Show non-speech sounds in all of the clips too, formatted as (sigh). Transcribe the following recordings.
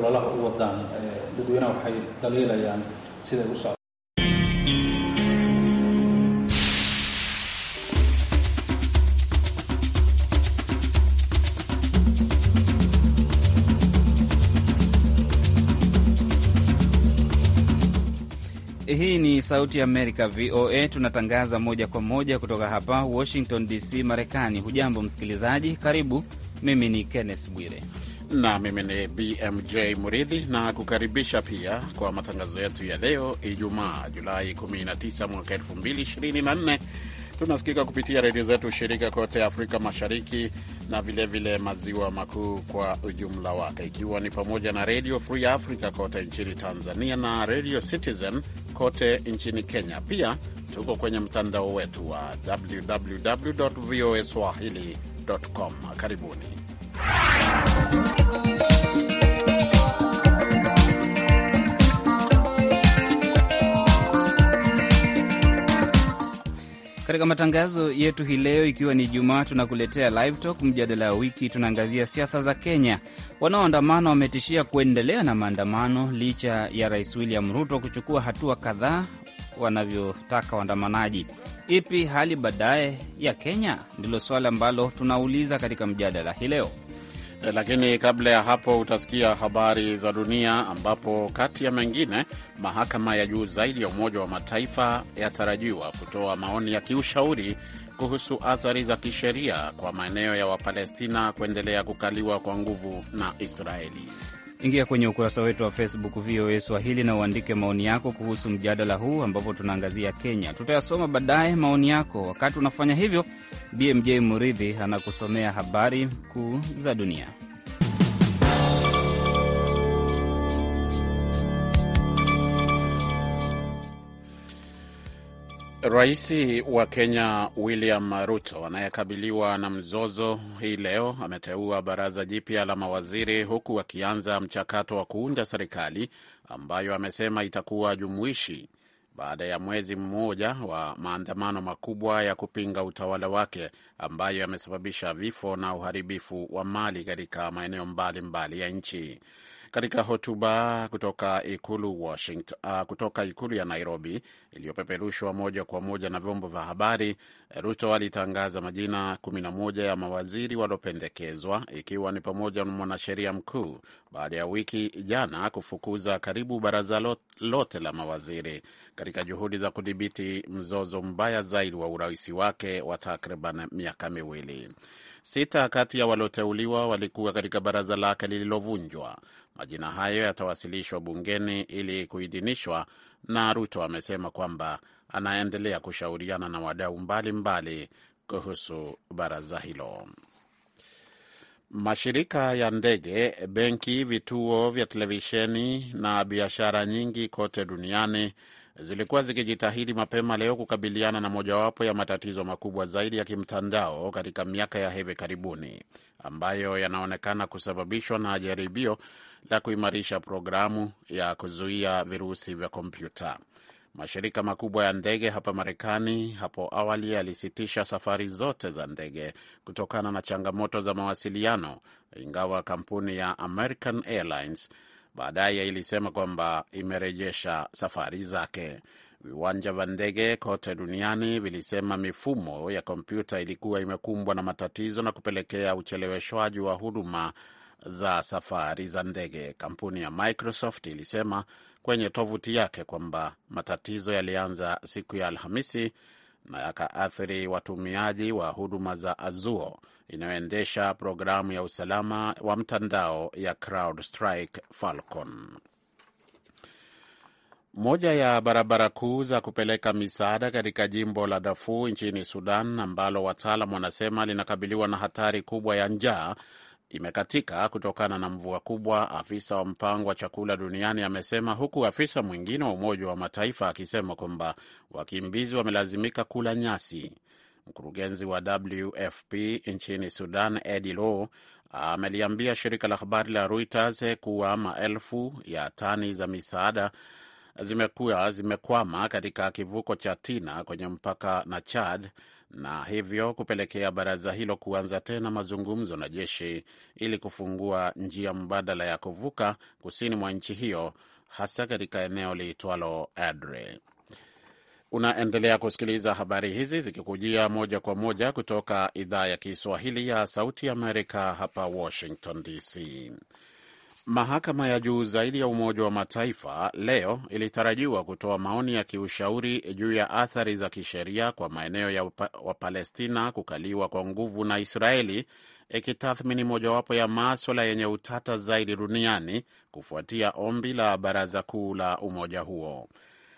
ololaha u wadaan eh, dadweynaha waxay dhaliilayaan siday u socdaan Hii ni Sauti ya Amerika, VOA. Tunatangaza moja kwa moja kutoka hapa Washington DC, Marekani. Hujambo msikilizaji, karibu. Mimi ni Kenneth Bwire na mimi ni BMJ Muridhi na kukaribisha pia kwa matangazo yetu ya leo Ijumaa Julai 19 mwaka 2024. Tunasikika kupitia redio zetu shirika kote Afrika Mashariki na vilevile vile maziwa makuu kwa ujumla wake, ikiwa ni pamoja na Redio Free Africa kote nchini Tanzania na Redio Citizen kote nchini Kenya. Pia tuko kwenye mtandao wetu wa www voa swahili.com. Karibuni. Katika matangazo yetu hii leo, ikiwa ni Jumaa, tunakuletea live talk, mjadala wa wiki. Tunaangazia siasa za Kenya. Wanaoandamana wametishia kuendelea na maandamano licha ya Rais William Ruto kuchukua hatua kadhaa wanavyotaka waandamanaji. Ipi hali baadaye ya Kenya? Ndilo swali ambalo tunauliza katika mjadala hii leo. Lakini kabla ya hapo utasikia habari za dunia, ambapo kati ya mengine, mahakama ya juu zaidi ya Umoja wa Mataifa yatarajiwa kutoa maoni ya kiushauri kuhusu athari za kisheria kwa maeneo ya Wapalestina kuendelea kukaliwa kwa nguvu na Israeli. Ingia kwenye ukurasa wetu wa Facebook VOA Swahili na uandike maoni yako kuhusu mjadala huu, ambapo tunaangazia Kenya. Tutayasoma baadaye maoni yako. Wakati unafanya hivyo BMJ Muridhi anakusomea habari kuu za dunia. Rais wa Kenya William Ruto anayekabiliwa na mzozo hii leo ameteua baraza jipya la mawaziri huku akianza mchakato wa kuunda serikali ambayo amesema itakuwa jumuishi baada ya mwezi mmoja wa maandamano makubwa ya kupinga utawala wake ambayo yamesababisha vifo na uharibifu wa mali katika maeneo mbalimbali mbali ya nchi. Katika hotuba kutoka ikulu Washington, uh, kutoka ikulu ya Nairobi iliyopeperushwa moja kwa moja na vyombo vya habari, Ruto alitangaza majina 11 ya mawaziri waliopendekezwa, ikiwa ni pamoja na mwanasheria mkuu, baada ya wiki jana kufukuza karibu baraza lote la mawaziri katika juhudi za kudhibiti mzozo mbaya zaidi wa urais wake wa takriban miaka miwili. Sita kati ya walioteuliwa walikuwa katika baraza lake lililovunjwa. Majina hayo yatawasilishwa bungeni ili kuidhinishwa, na Ruto amesema kwamba anaendelea kushauriana na wadau mbalimbali kuhusu baraza hilo. Mashirika ya ndege, benki, vituo vya televisheni na biashara nyingi kote duniani zilikuwa zikijitahidi mapema leo kukabiliana na mojawapo ya matatizo makubwa zaidi ya kimtandao katika miaka ya hivi karibuni ambayo yanaonekana kusababishwa na jaribio la kuimarisha programu ya kuzuia virusi vya kompyuta. Mashirika makubwa ya ndege hapa Marekani hapo awali yalisitisha safari zote za ndege kutokana na changamoto za mawasiliano, ingawa kampuni ya American Airlines baadaye ilisema kwamba imerejesha safari zake. Viwanja vya ndege kote duniani vilisema mifumo ya kompyuta ilikuwa imekumbwa na matatizo na kupelekea ucheleweshwaji wa huduma za safari za ndege. Kampuni ya Microsoft ilisema kwenye tovuti yake kwamba matatizo yalianza siku ya Alhamisi na yakaathiri watumiaji wa huduma za Azuo inayoendesha programu ya usalama wa mtandao ya CrowdStrike Falcon. Moja ya barabara kuu za kupeleka misaada katika jimbo la Darfur nchini Sudan, ambalo wataalam wanasema linakabiliwa na hatari kubwa ya njaa, imekatika kutokana na mvua kubwa, afisa wa mpango wa chakula duniani amesema, huku afisa mwingine wa Umoja wa Mataifa akisema kwamba wakimbizi wamelazimika kula nyasi. Mkurugenzi wa WFP nchini Sudan, Eddie Law, ameliambia shirika la habari la Reuters kuwa maelfu ya tani za misaada zimekuwa zimekwama katika kivuko cha Tina kwenye mpaka na Chad na hivyo kupelekea baraza hilo kuanza tena mazungumzo na jeshi ili kufungua njia mbadala ya kuvuka kusini mwa nchi hiyo hasa katika eneo liitwalo Adre. Unaendelea kusikiliza habari hizi zikikujia moja kwa moja kutoka idhaa ya Kiswahili ya Sauti Amerika hapa Washington DC. Mahakama ya juu zaidi ya Umoja wa Mataifa leo ilitarajiwa kutoa maoni ya kiushauri juu ya athari za kisheria kwa maeneo ya Wapalestina kukaliwa kwa nguvu na Israeli, ikitathmini mojawapo ya maswala yenye utata zaidi duniani kufuatia ombi la Baraza Kuu la umoja huo.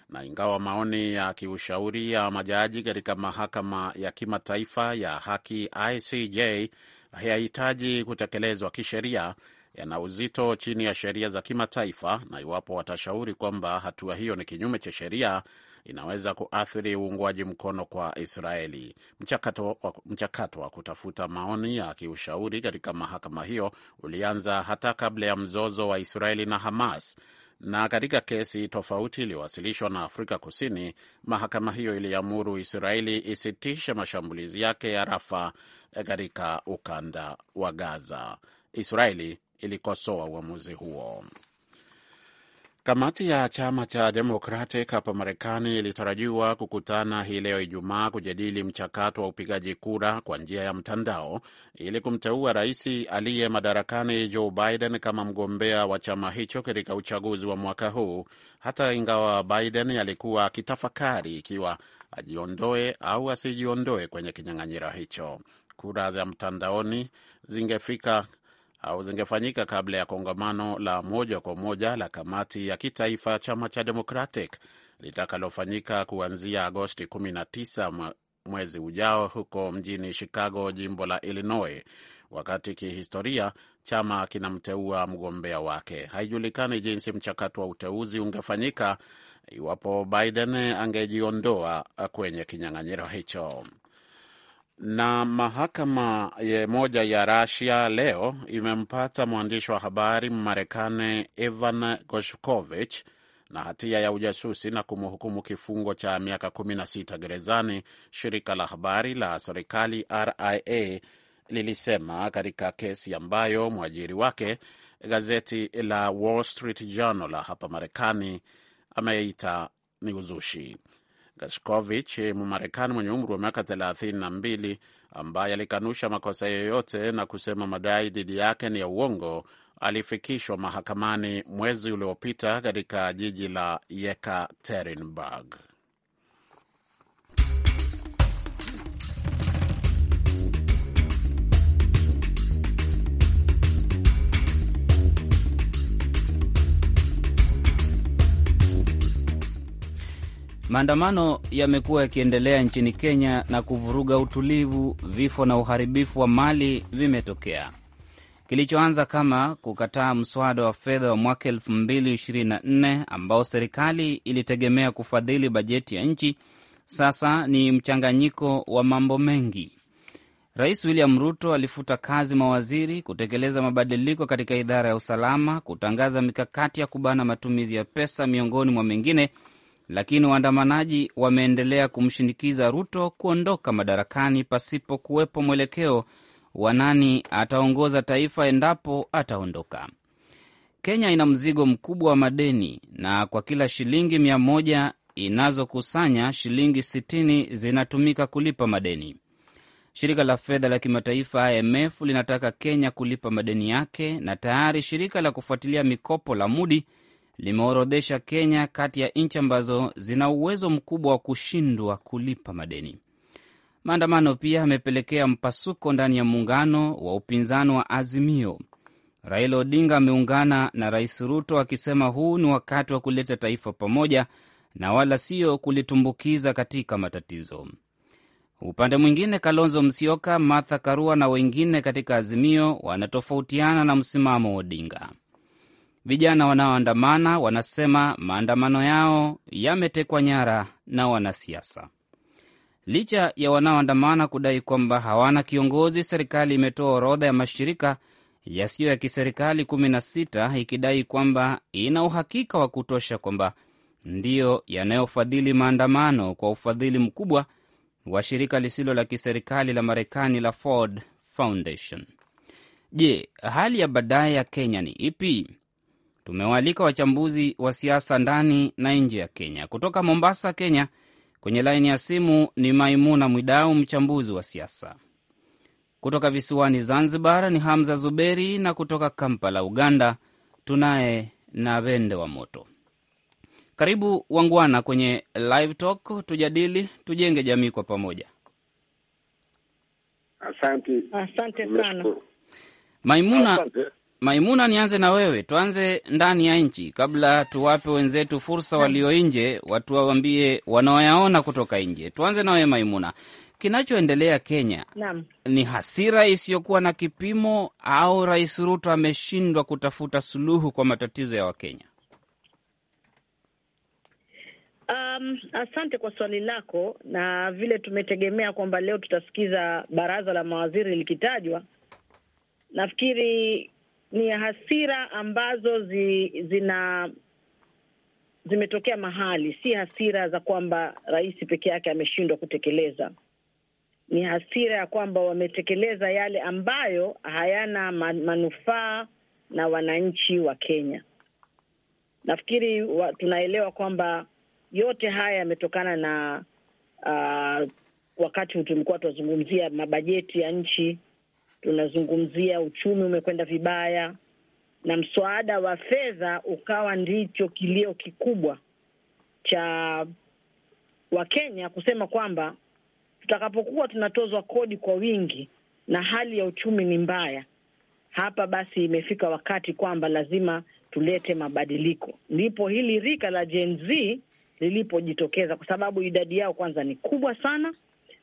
Na ingawa maoni ya kiushauri ya majaji katika Mahakama ya Kimataifa ya Haki ICJ hayahitaji kutekelezwa kisheria yana uzito chini ya sheria za kimataifa, na iwapo watashauri kwamba hatua hiyo ni kinyume cha sheria inaweza kuathiri uungwaji mkono kwa Israeli. Mchakato wa, mchakato wa kutafuta maoni ya kiushauri katika mahakama hiyo ulianza hata kabla ya mzozo wa Israeli na Hamas, na katika kesi tofauti iliyowasilishwa na Afrika Kusini, mahakama hiyo iliamuru Israeli isitishe mashambulizi yake ya Rafa katika ukanda wa Gaza. Israeli ilikosoa uamuzi huo. Kamati ya chama cha Democratic hapa Marekani ilitarajiwa kukutana hii leo Ijumaa kujadili mchakato wa upigaji kura kwa njia ya mtandao ili kumteua rais aliye madarakani Joe Biden kama mgombea wa chama hicho katika uchaguzi wa mwaka huu, hata ingawa Biden alikuwa akitafakari ikiwa ajiondoe au asijiondoe kwenye kinyang'anyiro hicho. Kura za mtandaoni zingefika au zingefanyika kabla ya kongamano la moja kwa moja la kamati ya kitaifa chama cha Democratic litakalofanyika kuanzia Agosti 19 mwezi ujao huko mjini Chicago, jimbo la Illinois, wakati kihistoria chama kinamteua mgombea wake. Haijulikani jinsi mchakato wa uteuzi ungefanyika iwapo Biden angejiondoa kwenye kinyang'anyiro hicho. Na mahakama ya moja ya Rasia leo imempata mwandishi wa habari Mmarekani Ivan Goshkovich na hatia ya ujasusi na kumhukumu kifungo cha miaka 16 gerezani, shirika la habari la serikali RIA lilisema katika kesi ambayo mwajiri wake gazeti la Wall Street Journal la hapa Marekani ameita ni uzushi. Peskovich, Mmarekani mwenye umri wa miaka thelathini na mbili ambaye alikanusha makosa yoyote na kusema madai dhidi yake ni ya uongo, alifikishwa mahakamani mwezi uliopita katika jiji la Yekaterinburg. Maandamano yamekuwa yakiendelea nchini Kenya na kuvuruga utulivu. Vifo na uharibifu wa mali vimetokea. Kilichoanza kama kukataa mswada wa fedha wa mwaka 224 ambao serikali ilitegemea kufadhili bajeti ya nchi, sasa ni mchanganyiko wa mambo mengi. Rais William Ruto alifuta kazi mawaziri, kutekeleza mabadiliko katika idara ya usalama, kutangaza mikakati ya kubana matumizi ya pesa, miongoni mwa mengine lakini waandamanaji wameendelea kumshinikiza Ruto kuondoka madarakani pasipo kuwepo mwelekeo wa nani ataongoza taifa endapo ataondoka. Kenya ina mzigo mkubwa wa madeni na kwa kila shilingi mia moja inazokusanya shilingi 60 zinatumika kulipa madeni. Shirika la fedha la kimataifa IMF linataka Kenya kulipa madeni yake, na tayari shirika la kufuatilia mikopo la Mudi limeorodhesha Kenya kati ya nchi ambazo zina uwezo mkubwa wa kushindwa kulipa madeni. Maandamano pia amepelekea mpasuko ndani ya muungano wa upinzani wa Azimio. Raila Odinga ameungana na Rais Ruto akisema huu ni wakati wa kuleta taifa pamoja na wala sio kulitumbukiza katika matatizo. Upande mwingine, Kalonzo Musyoka, Martha Karua na wengine katika Azimio wanatofautiana na msimamo wa Odinga. Vijana wanaoandamana wanasema maandamano yao yametekwa nyara na wanasiasa. Licha ya wanaoandamana kudai kwamba hawana kiongozi, serikali imetoa orodha ya mashirika yasiyo ya kiserikali 16 ikidai kwamba ina uhakika wa kutosha kwamba ndiyo yanayofadhili maandamano kwa ufadhili mkubwa wa shirika lisilo la kiserikali la Marekani la Ford Foundation. Je, hali ya baadaye ya Kenya ni ipi? Tumewaalika wachambuzi wa siasa ndani na nje ya Kenya. Kutoka Mombasa, Kenya, kwenye laini ya simu ni Maimuna Mwidau, mchambuzi wa siasa. Kutoka visiwani Zanzibar ni Hamza Zuberi, na kutoka Kampala, Uganda, tunaye na Vende wa Moto. Karibu wangwana kwenye Live Talk, tujadili, tujenge jamii kwa pamoja. Asante, asante sana Maimuna. Asante. Maimuna, nianze na wewe, tuanze ndani ya nchi kabla tuwape wenzetu fursa walio nje, watuwawambie wanaoyaona kutoka nje. Tuanze na wewe Maimuna, kinachoendelea Kenya Naam. ni hasira isiyokuwa na kipimo au Rais Ruto ameshindwa kutafuta suluhu kwa matatizo ya Wakenya? Um, asante kwa swali lako, na vile tumetegemea kwamba leo tutasikiza baraza la mawaziri likitajwa, nafikiri ni hasira ambazo zi, zina zimetokea mahali, si hasira za kwamba rais peke yake ameshindwa kutekeleza. Ni hasira ya kwamba wametekeleza yale ambayo hayana manufaa na wananchi wa Kenya. Nafikiri wa, tunaelewa kwamba yote haya yametokana na uh, wakati tulikuwa tunazungumzia mabajeti ya nchi tunazungumzia uchumi umekwenda vibaya, na mswada wa fedha ukawa ndicho kilio kikubwa cha Wakenya kusema kwamba tutakapokuwa tunatozwa kodi kwa wingi na hali ya uchumi ni mbaya hapa, basi imefika wakati kwamba lazima tulete mabadiliko. Ndipo hili rika la Gen Z lilipojitokeza, kwa sababu idadi yao kwanza ni kubwa sana,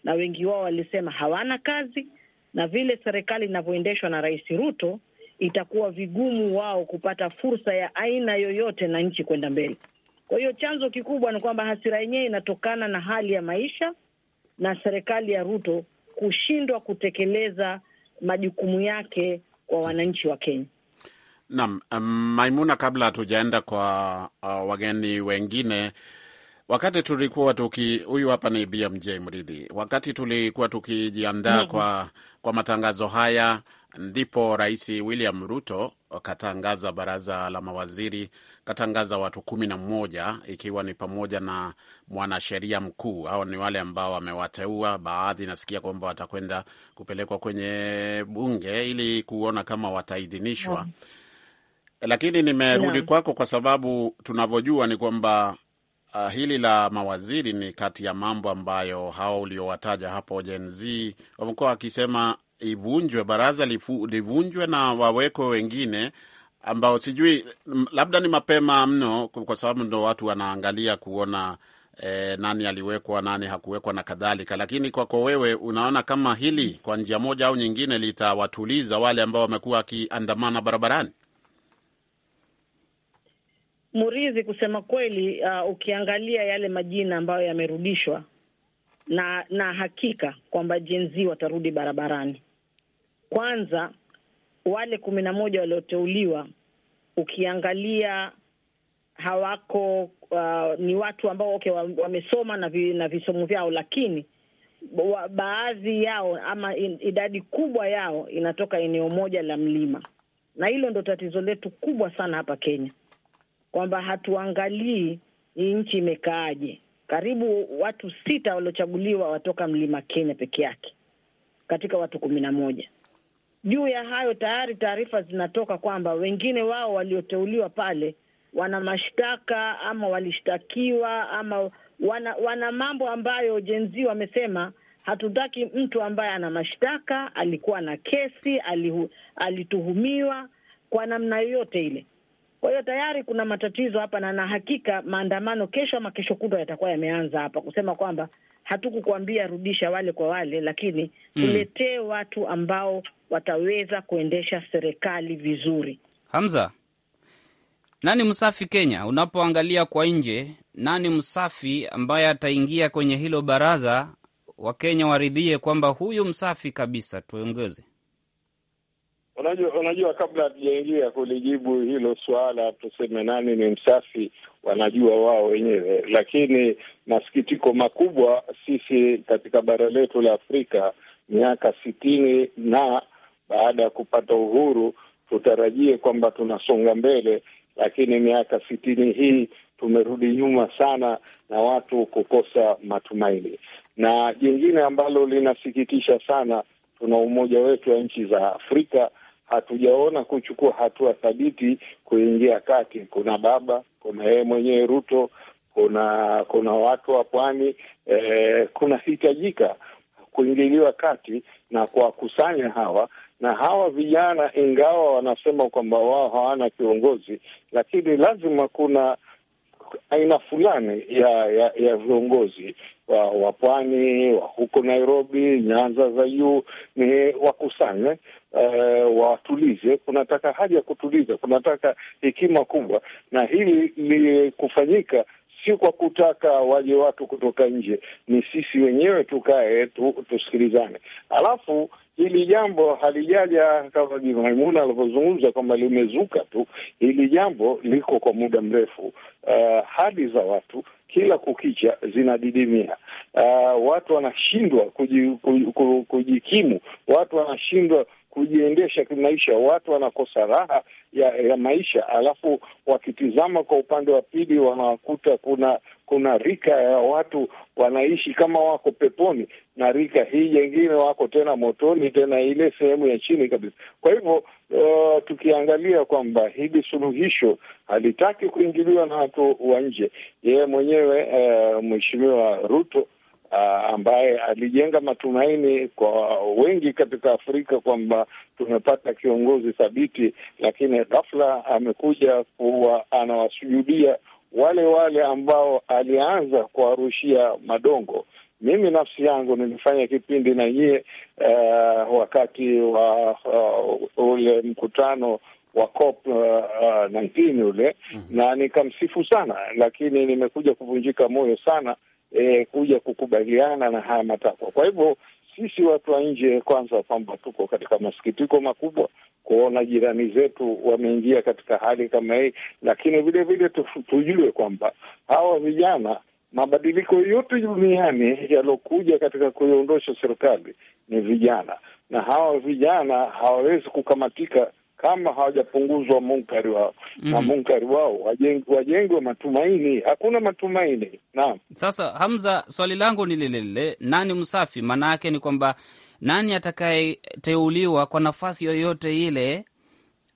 na wengi wao walisema hawana kazi na vile serikali inavyoendeshwa na Rais Ruto, itakuwa vigumu wao kupata fursa ya aina yoyote na nchi kwenda mbele. Kwa hiyo chanzo kikubwa ni kwamba hasira yenyewe inatokana na hali ya maisha na serikali ya Ruto kushindwa kutekeleza majukumu yake kwa wananchi wa Kenya. Naam, um, Maimuna, kabla hatujaenda kwa uh, wageni wengine wakati tulikuwa tuki, huyu hapa ni BMJ Mridhi, wakati tulikuwa tukijiandaa mm -hmm. kwa, kwa matangazo haya ndipo Rais William Ruto katangaza baraza la mawaziri, katangaza watu kumi na mmoja ikiwa ni pamoja na mwanasheria mkuu. Hao ni wale ambao wamewateua. Baadhi nasikia kwamba watakwenda kupelekwa kwenye bunge ili kuona kama wataidhinishwa, yeah. Mm-hmm. Lakini nimerudi yeah. kwako kwa sababu tunavyojua ni kwamba Uh, hili la mawaziri ni kati ya mambo ambayo hao uliowataja hapo Gen Z wamekuwa wakisema ivunjwe, baraza livunjwe na wawekwe wengine ambao sijui, labda ni mapema mno, kwa sababu ndo watu wanaangalia kuona E, nani aliwekwa nani hakuwekwa na kadhalika. Lakini kwako wewe unaona kama hili kwa njia moja au nyingine litawatuliza wale ambao wamekuwa wakiandamana barabarani? Murizi, kusema kweli, uh, ukiangalia yale majina ambayo yamerudishwa na na hakika kwamba jenzi watarudi barabarani. Kwanza wale kumi na moja walioteuliwa ukiangalia hawako uh, ni watu ambao okay, wamesoma na, vi, na visomo vyao, lakini wa, baadhi yao ama in, idadi kubwa yao inatoka eneo moja la mlima, na hilo ndo tatizo letu kubwa sana hapa Kenya kwamba hatuangalii hii nchi imekaaje. Karibu watu sita waliochaguliwa watoka mlima Kenya peke yake katika watu kumi na moja. Juu ya hayo tayari taarifa zinatoka kwamba wengine wao walioteuliwa pale wana mashtaka ama walishtakiwa ama wana, wana mambo ambayo jenzi wamesema hatutaki mtu ambaye ana mashtaka, alikuwa na kesi, alihu, alituhumiwa kwa namna yoyote ile. Kwa hiyo tayari kuna matatizo hapa, na na hakika maandamano kesho ama kesho kutwa yatakuwa yameanza hapa kusema kwamba hatukukuambia rudisha wale kwa wale, lakini hmm. tuletee mm, watu ambao wataweza kuendesha serikali vizuri. Hamza, nani msafi Kenya? Unapoangalia kwa nje, nani msafi ambaye ataingia kwenye hilo baraza, Wakenya waridhie kwamba huyu msafi kabisa tuongeze Unajua, unajua kabla hatujaingia kulijibu hilo suala, tuseme nani ni msafi, wanajua wao wenyewe, lakini masikitiko makubwa, sisi katika bara letu la Afrika miaka sitini na baada ya kupata uhuru, tutarajie kwamba tunasonga mbele, lakini miaka sitini hii tumerudi nyuma sana na watu kukosa matumaini. Na jingine ambalo linasikitisha sana, tuna umoja wetu wa nchi za Afrika hatujaona kuchukua hatua thabiti kuingia kati. Kuna baba, kuna yeye mwenyewe Ruto, kuna kuna watu wa pwani e, kunahitajika kuingiliwa kati na kuwakusanya hawa na hawa vijana, ingawa wanasema kwamba wao hawana kiongozi, lakini lazima kuna aina fulani ya ya, ya viongozi wa, wa pwani wa huko Nairobi, nyanza za juu ni wakusanye eh, watulize. Kunataka haja ya kutuliza, kunataka hekima kubwa, na hili kufanyika si kwa kutaka waje watu kutoka nje, ni sisi wenyewe tukae tu, tusikilizane. Alafu hili jambo halijaja kama Bi Maimuna alivyozungumza kwamba limezuka tu. Hili jambo liko kwa muda mrefu. Uh, hadi za watu kila kukicha zinadidimia. Uh, watu wanashindwa kujikimu, watu wanashindwa kujiendesha kimaisha. Watu wanakosa raha ya, ya maisha, alafu wakitizama kwa upande wa pili wanakuta kuna kuna rika ya watu wanaishi kama wako peponi na rika hii jengine wako tena motoni, tena ile sehemu ya chini kabisa. Kwa hivyo uh, tukiangalia kwamba hili suluhisho halitaki kuingiliwa na watu wa nje, yeye mwenyewe uh, Mheshimiwa Ruto Uh, ambaye alijenga matumaini kwa wengi katika Afrika kwamba tumepata kiongozi thabiti, lakini ghafla amekuja kuwa anawasujudia wale wale ambao alianza kuwarushia madongo. Mimi nafsi yangu nilifanya kipindi na nyie uh, wakati wa uh, ule mkutano wa COP uh, uh, ule mm -hmm. na nikamsifu sana, lakini nimekuja kuvunjika moyo sana e, kuja kukubaliana na haya matakwa. Kwa hivyo sisi watu wa nje, kwanza kwamba tuko katika masikitiko makubwa kuona jirani zetu wameingia katika hali kama hii, lakini vile vile tujue kwamba hawa vijana mabadiliko yote duniani yaliokuja katika kuiondosha serikali ni vijana, na hawa vijana hawawezi kukamatika kama hawajapunguzwa munkari wao mm. na mhm. munkari wao wajengwe matumaini. Hakuna matumaini. Naam, sasa Hamza, swali langu ni lilelile nani msafi? Maana yake ni kwamba nani atakayeteuliwa kwa nafasi yoyote ile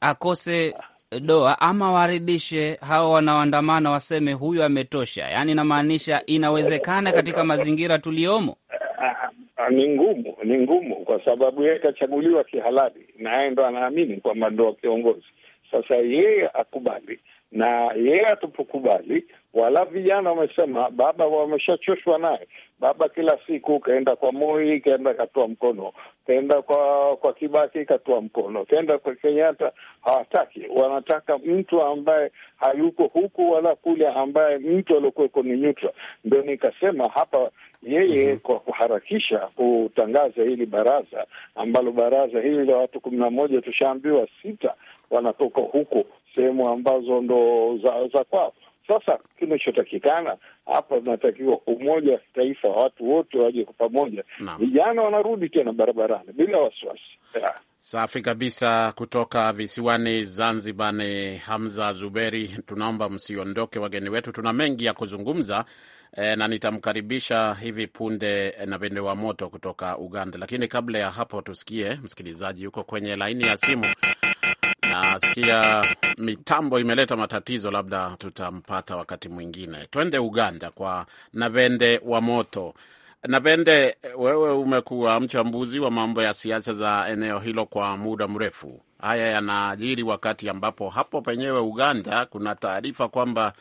akose doa ama waridishe hawa wanaoandamana, waseme huyu ametosha. Yaani inamaanisha inawezekana katika mazingira tuliyomo. (laughs) Ah, ni ngumu, ni ngumu kwa sababu yeye kachaguliwa kihalali, na yeye ndo anaamini kwamba ndo kiongozi. Sasa yeye akubali, na yeye atapokubali, wala vijana wamesema baba wameshachoshwa naye. Baba kila siku kaenda kwa Moi, kaenda katoa mkono, kaenda kwa kwa Kibaki katoa mkono, kaenda kwa Kenyatta. Hawataki, wanataka mtu ambaye hayuko huku wala kule, ambaye mtu aliokuweko ni nyutwa. Ndo nikasema hapa yeye mm -hmm. kwa kuharakisha kutangaza hili baraza ambalo baraza hili la watu kumi na moja tushaambiwa sita wanatoka huko sehemu ambazo ndo za, za kwao. Sasa kinachotakikana hapa, unatakiwa umoja wa kitaifa, watu wote waje kwa pamoja, vijana wanarudi tena barabarani bila wasiwasi. Safi kabisa kutoka visiwani Zanzibar ni Hamza Zuberi. Tunaomba msiondoke, wageni wetu, tuna mengi ya kuzungumza e, na nitamkaribisha hivi punde eh, na Pende wa Moto kutoka Uganda, lakini kabla ya hapo tusikie msikilizaji yuko kwenye laini ya simu. Nasikia mitambo imeleta matatizo, labda tutampata wakati mwingine. Twende Uganda kwa Navende wa Moto. Napende, wewe umekuwa mchambuzi wa mambo ya siasa za eneo hilo kwa muda mrefu. Haya yanajiri wakati ambapo hapo penyewe Uganda kuna taarifa kwamba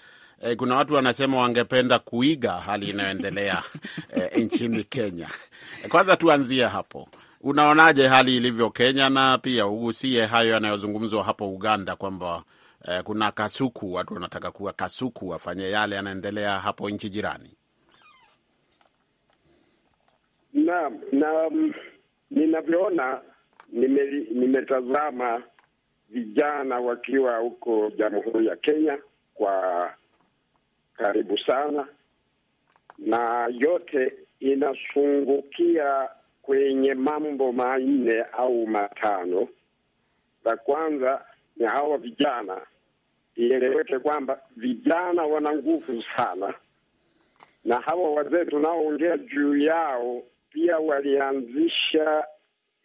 eh, kuna watu wanasema wangependa kuiga hali inayoendelea (laughs) eh, nchini Kenya. Kwanza tuanzie hapo, unaonaje hali ilivyo Kenya na pia ugusie hayo yanayozungumzwa hapo Uganda kwamba eh, kuna kasuku, watu wanataka kuwa kasuku wafanye yale yanaendelea hapo nchi jirani na, na mm, ninavyoona, nimetazama vijana wakiwa huko Jamhuri ya Kenya kwa karibu sana, na yote inafungukia kwenye mambo manne au matano. La kwanza ni hawa vijana, ieleweke kwamba vijana wana nguvu sana, na hawa wazee tunaoongea juu yao pia walianzisha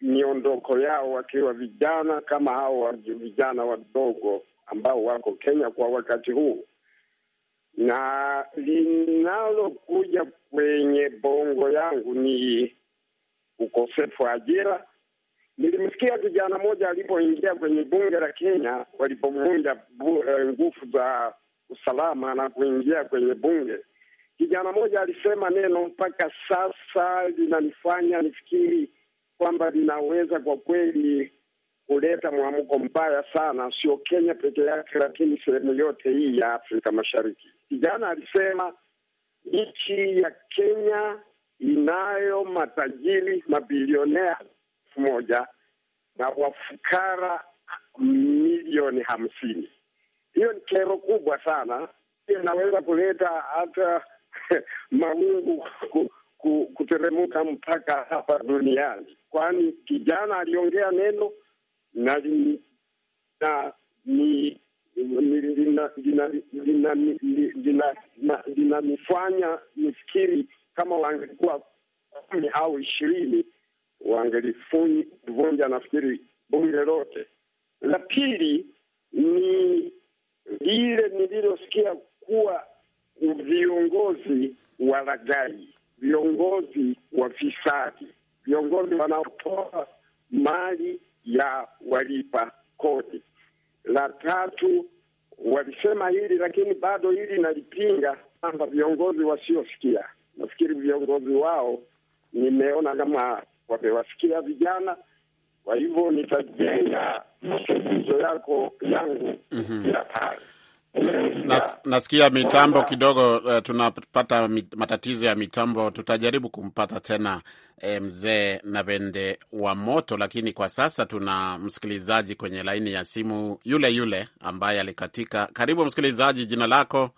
miondoko yao wakiwa vijana kama hao vijana wadogo ambao wako Kenya kwa wakati huu, na linalokuja kwenye bongo yangu ni ukosefu wa ajira. Nilimsikia kijana mmoja alipoingia kwenye bunge la Kenya walipovunja eh, nguvu za usalama na kuingia kwenye bunge kijana mmoja alisema neno mpaka sasa linanifanya nifikiri kwamba linaweza kwa kweli kuleta mwamko mbaya sana, sio Kenya peke yake, lakini sehemu yote hii ya Afrika Mashariki. Kijana alisema nchi ya Kenya inayo matajiri mabilionea elfu moja na wafukara milioni hamsini. Hiyo ni kero kubwa sana, inaweza kuleta hata (laughs) mawingu kuteremuka mpaka hapa duniani, kwani kijana aliongea neno na linanifanya nifikiri kama wangekuwa kumi au ishirini wangelivunja nafikiri bunge lote. La pili ni lile nililosikia kuwa viongozi wa lagai, viongozi wa fisadi, viongozi wanaotoa mali ya walipa kodi. La tatu, walisema hili lakini bado hili nalipinga kwamba viongozi wasiosikia. Nafikiri viongozi wao nimeona kama wamewasikia vijana, kwa hivyo nitajenga mazungumzo yako yangu ya pale Nas, nasikia mitambo kidogo uh, tunapata mit, matatizo ya mitambo. Tutajaribu kumpata tena eh, mzee Navende wa moto, lakini kwa sasa tuna msikilizaji kwenye laini ya simu yule yule ambaye alikatika. Karibu msikilizaji, jina lako,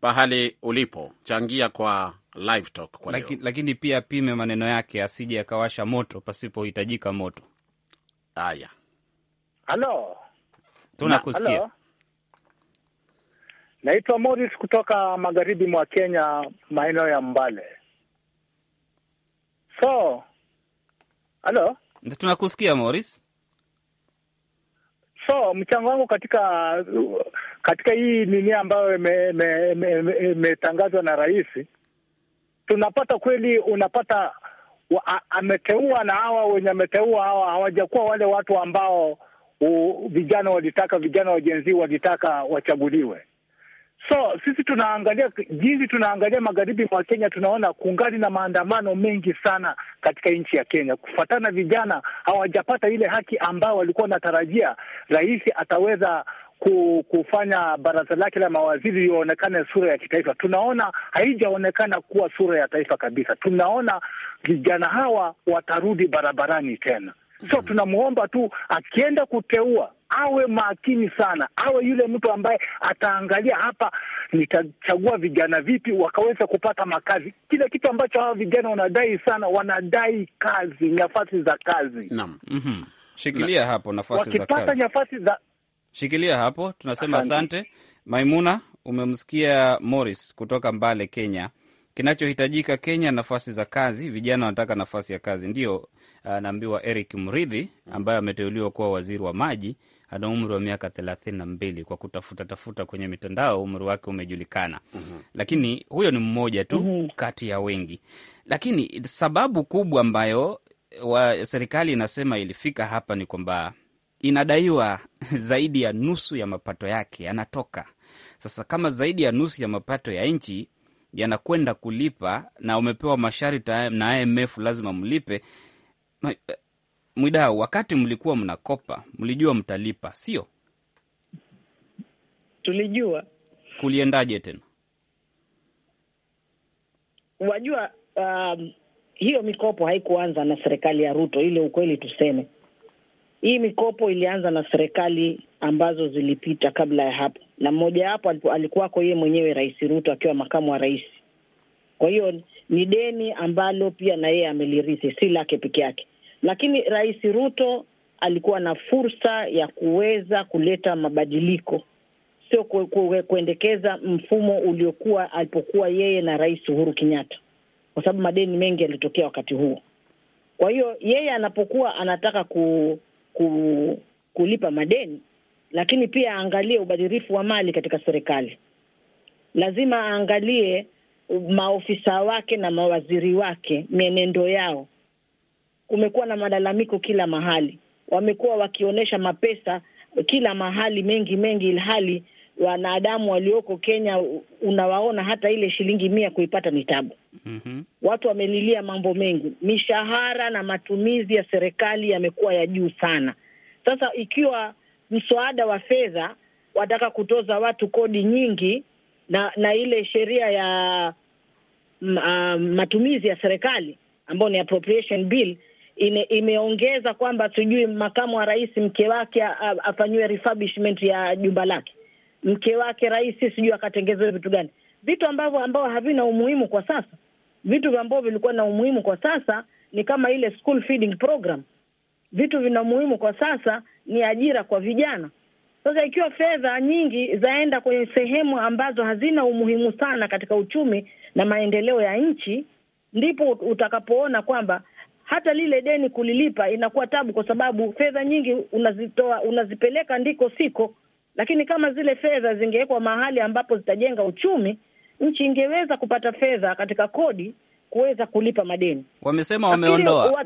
pahali ulipo, changia kwa live talk kwa Laki, lakini pia pime maneno yake asije akawasha moto pasipohitajika moto. Haya, halo, tunakusikia Naitwa Morris kutoka magharibi mwa Kenya, maeneo ya Mbale. So halo, tunakusikia Morris. So mchango wangu katika katika hii nini ambayo imetangazwa na rais, tunapata kweli, unapata ameteua na hawa wenye ameteua hawa hawajakuwa wale watu ambao vijana walitaka, vijana wajenzii walitaka wachaguliwe. So sisi tunaangalia jinsi tunaangalia magharibi mwa Kenya, tunaona kungali na maandamano mengi sana katika nchi ya Kenya, kufuatana vijana hawajapata ile haki ambayo walikuwa wanatarajia rais ataweza kufanya baraza lake la mawaziri lionekane sura ya kitaifa. Tunaona haijaonekana kuwa sura ya taifa kabisa. Tunaona vijana hawa watarudi barabarani tena. So mhm. tunamwomba tu akienda kuteua awe makini sana, awe yule mtu ambaye ataangalia hapa, nitachagua vijana vipi wakaweza kupata makazi. Kile kitu ambacho hawa vijana wanadai sana, wanadai kazi, nafasi za kazi. Naam, mm -hmm. Shikilia na hapo nafasi za kazi, nafasi za shikilia hapo. Tunasema asante, asante. Maimuna, umemsikia Morris kutoka Mbale, Kenya. Kinachohitajika Kenya, nafasi za kazi, vijana wanataka nafasi ya kazi. Ndio uh, anaambiwa Eric Mridhi ambaye ameteuliwa kuwa waziri wa maji, ana umri wa miaka thelathini na mbili. Kwa kutafuta tafuta kwenye mitandao umri wake umejulikana. mm -hmm. Lakini huyo ni mmoja tu mm -hmm. kati ya wengi, lakini sababu kubwa ambayo eh, wa serikali inasema ilifika hapa ni kwamba inadaiwa (laughs) zaidi ya nusu ya mapato yake yanatoka sasa. Kama zaidi ya nusu ya mapato ya nchi yanakwenda kulipa na umepewa masharti na IMF, lazima mlipe. Eh, Mwidau, wakati mlikuwa mnakopa, mlijua mtalipa, sio? Tulijua. Kuliendaje tena? Wajua, um, hiyo mikopo haikuanza na serikali ya Ruto, ile ukweli tuseme hii mikopo ilianza na serikali ambazo zilipita kabla ya hapo, na mmoja wapo alikuwako yeye mwenyewe Rais Ruto akiwa makamu wa rais. Kwa hiyo ni deni ambalo pia na yeye amelirithi, si lake peke yake, lakini Rais Ruto alikuwa na fursa ya kuweza kuleta mabadiliko, sio kuendekeza mfumo uliokuwa alipokuwa yeye na Rais Uhuru Kenyatta, kwa sababu madeni mengi yalitokea wakati huo. Kwa hiyo yeye anapokuwa anataka ku ku, kulipa madeni, lakini pia aangalie ubadhirifu wa mali katika serikali. Lazima aangalie maofisa wake na mawaziri wake, mienendo yao. Kumekuwa na malalamiko kila mahali, wamekuwa wakionyesha mapesa kila mahali mengi mengi, ilhali wanadamu walioko Kenya unawaona, hata ile shilingi mia kuipata ni tabu. mm -hmm. Watu wamelilia mambo mengi, mishahara na matumizi ya serikali yamekuwa ya juu sana. Sasa ikiwa mswada wa fedha wataka kutoza watu kodi nyingi na na ile sheria ya mm, ah, matumizi ya serikali ambayo ni appropriation bill ine, imeongeza kwamba sijui makamu wa rais mke wake afanyiwe refurbishment ya jumba lake mke wake rais, sijui akatengezewe vitu gani, vitu ambavyo ambao havina umuhimu kwa sasa. Vitu ambavyo vilikuwa na umuhimu kwa sasa ni kama ile school feeding program. Vitu vina umuhimu kwa sasa ni ajira kwa vijana. Sasa ikiwa fedha nyingi zaenda kwenye sehemu ambazo hazina umuhimu sana katika uchumi na maendeleo ya nchi, ndipo utakapoona kwamba hata lile deni kulilipa inakuwa tabu, kwa sababu fedha nyingi unazitoa unazipeleka ndiko siko lakini kama zile fedha zingewekwa mahali ambapo zitajenga uchumi, nchi ingeweza kupata fedha katika kodi kuweza kulipa madeni. Wamesema wameondoa wa,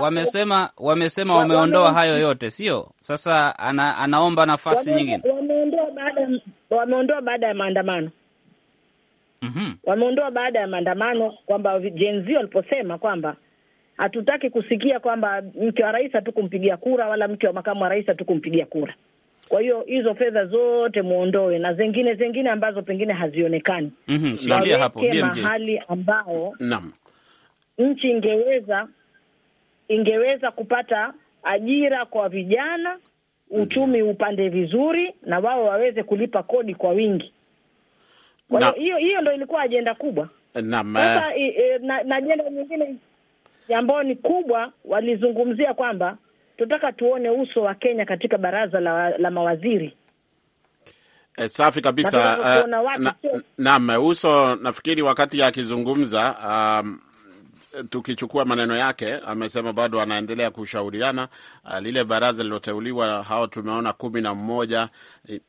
wamesema wamesema wameondoa hayo yote, sio? Sasa ana, anaomba nafasi nyingine. Wameondoa baada wameondoa baada ya maandamano mm -hmm. Wameondoa baada ya maandamano kwamba jenzi waliposema kwamba hatutaki kusikia kwamba mke wa rais hatukumpigia kura wala mke wa makamu wa rais hatukumpigia kura. Kwa hiyo hizo fedha zote muondoe na zengine zengine ambazo pengine hazionekani, mhm, tunaambia mm -hmm. mahali ambao Nam. nchi ingeweza ingeweza kupata ajira kwa vijana, mhm. uchumi upande vizuri, na wao waweze kulipa kodi kwa wingi. Kwa hiyo hiyo hiyo ndo ilikuwa ajenda kubwa. sasa eh. na ajenda nyingine ambayo ni kubwa walizungumzia kwamba tunataka tuone uso wa Kenya katika baraza la, la mawaziri. E, safi kabisa. Eh, naam, uso nafikiri wakati akizungumza um, tukichukua maneno yake, amesema bado anaendelea kushauriana. Ah, lile baraza lililoteuliwa hao tumeona kumi na mmoja,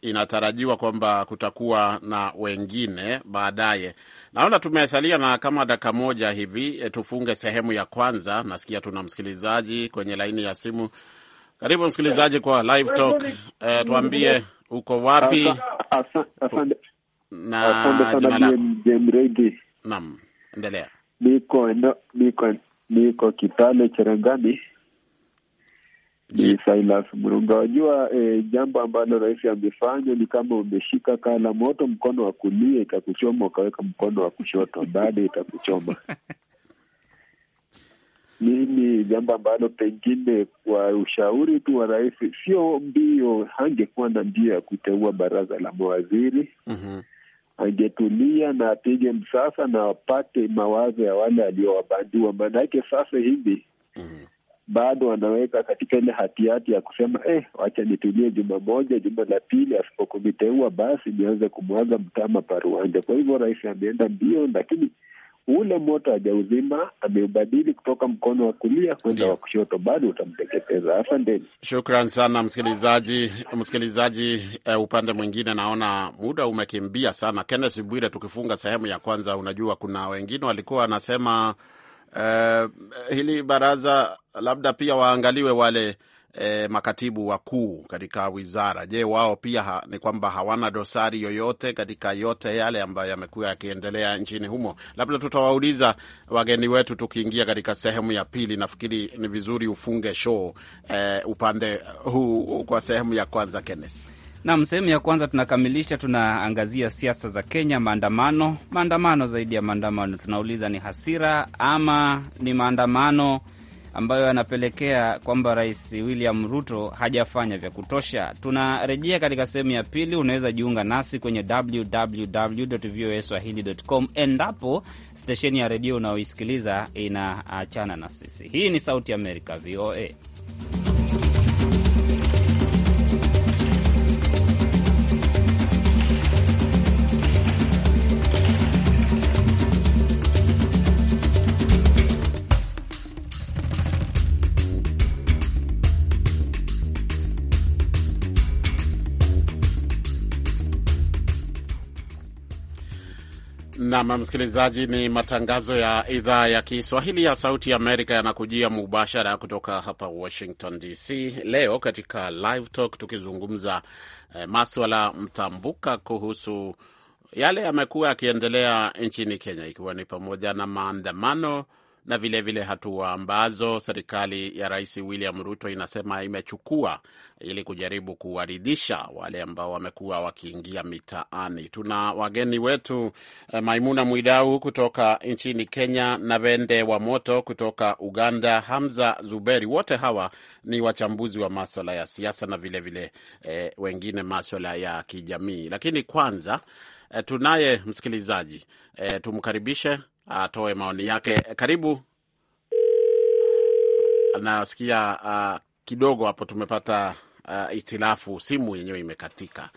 inatarajiwa kwamba kutakuwa na wengine baadaye. Naona tumesalia na kama dakika moja hivi e, tufunge sehemu ya kwanza. Nasikia tuna msikilizaji kwenye laini ya simu. Karibu msikilizaji kwa Live Talk. Eh, tuambie uko wapi na jina lako. Naam, endelea. Niko eno, niko niko Kitale Cherangani, ni Silas murunga Wajua eh, jambo ambalo rais amefanya ni kama umeshika kala moto, mkono wa kulia itakuchoma, ukaweka mkono wa kushoto, baada itakuchoma. Mimi (laughs) jambo ambalo pengine kwa ushauri tu wa rais, sio mbio, hangekuwa na mbio ya kuteua baraza la mawaziri mm -hmm angetulia na apige msasa na apate mawazo ya wale aliowabandua Maanake sasa hivi mm-hmm bado wanaweka katika ile hatihati ya kusema eh, wacha nitulie juma moja, juma la pili, asipokuniteua basi nianze kumwaga mtama paruanja. Kwa hivyo rais ameenda mbio, lakini ule moto hajauzima, ameubadili kutoka mkono wa kulia kwenda wa kushoto, bado utamteketeza. Asanteni, shukran sana msikilizaji. Msikilizaji uh, upande mwingine naona muda umekimbia sana. Kenneth Bwire, tukifunga sehemu ya kwanza, unajua kuna wengine walikuwa wanasema uh, hili baraza labda pia waangaliwe wale e, makatibu wakuu katika wizara. Je, wao pia ha, ni kwamba hawana dosari yoyote katika yote yale ambayo yamekuwa yakiendelea nchini humo? Labda tutawauliza wageni wetu tukiingia katika sehemu ya pili. Nafikiri ni vizuri ufunge show e, upande huu kwa sehemu ya kwanza, Kenneth. Nam, sehemu ya kwanza tunakamilisha, tunaangazia siasa za Kenya, maandamano, maandamano, zaidi ya maandamano. Tunauliza, ni hasira ama ni maandamano ambayo yanapelekea kwamba Rais William Ruto hajafanya vya kutosha. Tunarejea katika sehemu ya pili. Unaweza jiunga nasi kwenye www voa swahilicom endapo stesheni ya redio unayoisikiliza inaachana na sisi. Hii ni Sauti ya Amerika, VOA. Nam msikilizaji, ni matangazo ya idhaa ya Kiswahili ya Sauti Amerika yanakujia mubashara kutoka hapa Washington DC. Leo katika Live Talk tukizungumza eh, maswala mtambuka kuhusu yale yamekuwa yakiendelea nchini Kenya, ikiwa ni pamoja na maandamano na vilevile vile hatua ambazo serikali ya Rais William Ruto inasema imechukua ili kujaribu kuwaridhisha wale ambao wamekuwa wakiingia mitaani. Tuna wageni wetu eh, Maimuna Mwidau kutoka nchini Kenya na Vende wa Moto kutoka Uganda, Hamza Zuberi. Wote hawa ni wachambuzi wa maswala ya siasa na vilevile vile, e, wengine maswala ya kijamii. Lakini kwanza e, tunaye msikilizaji e, tumkaribishe atoe maoni yake. Karibu, nasikia uh, kidogo hapo tumepata uh, itilafu, simu yenyewe imekatika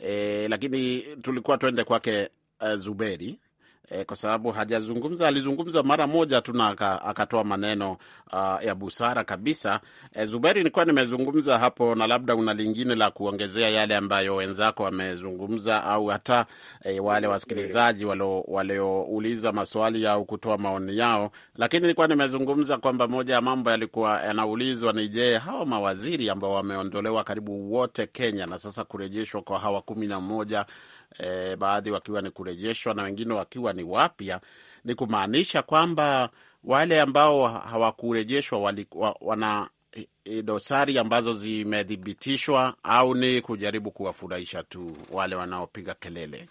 e, lakini tulikuwa tuende kwake uh, Zuberi e, kwa sababu hajazungumza. Alizungumza mara moja tu na akatoa maneno uh, ya busara kabisa. E, Zuberi, nilikuwa nimezungumza hapo, na labda una lingine la kuongezea yale ambayo wenzako wamezungumza, au hata e, wale wasikilizaji waliouliza maswali au kutoa maoni yao. Lakini nilikuwa nimezungumza kwamba moja ya mambo yalikuwa yanaulizwa ni je, hawa mawaziri ambao wameondolewa karibu wote Kenya na sasa kurejeshwa kwa hawa kumi na moja e, baadhi wakiwa ni kurejeshwa na wengine wakiwa ni wapya, ni kumaanisha kwamba wale ambao hawakurejeshwa wana dosari ambazo zimethibitishwa au ni kujaribu kuwafurahisha tu wale wanaopiga kelele?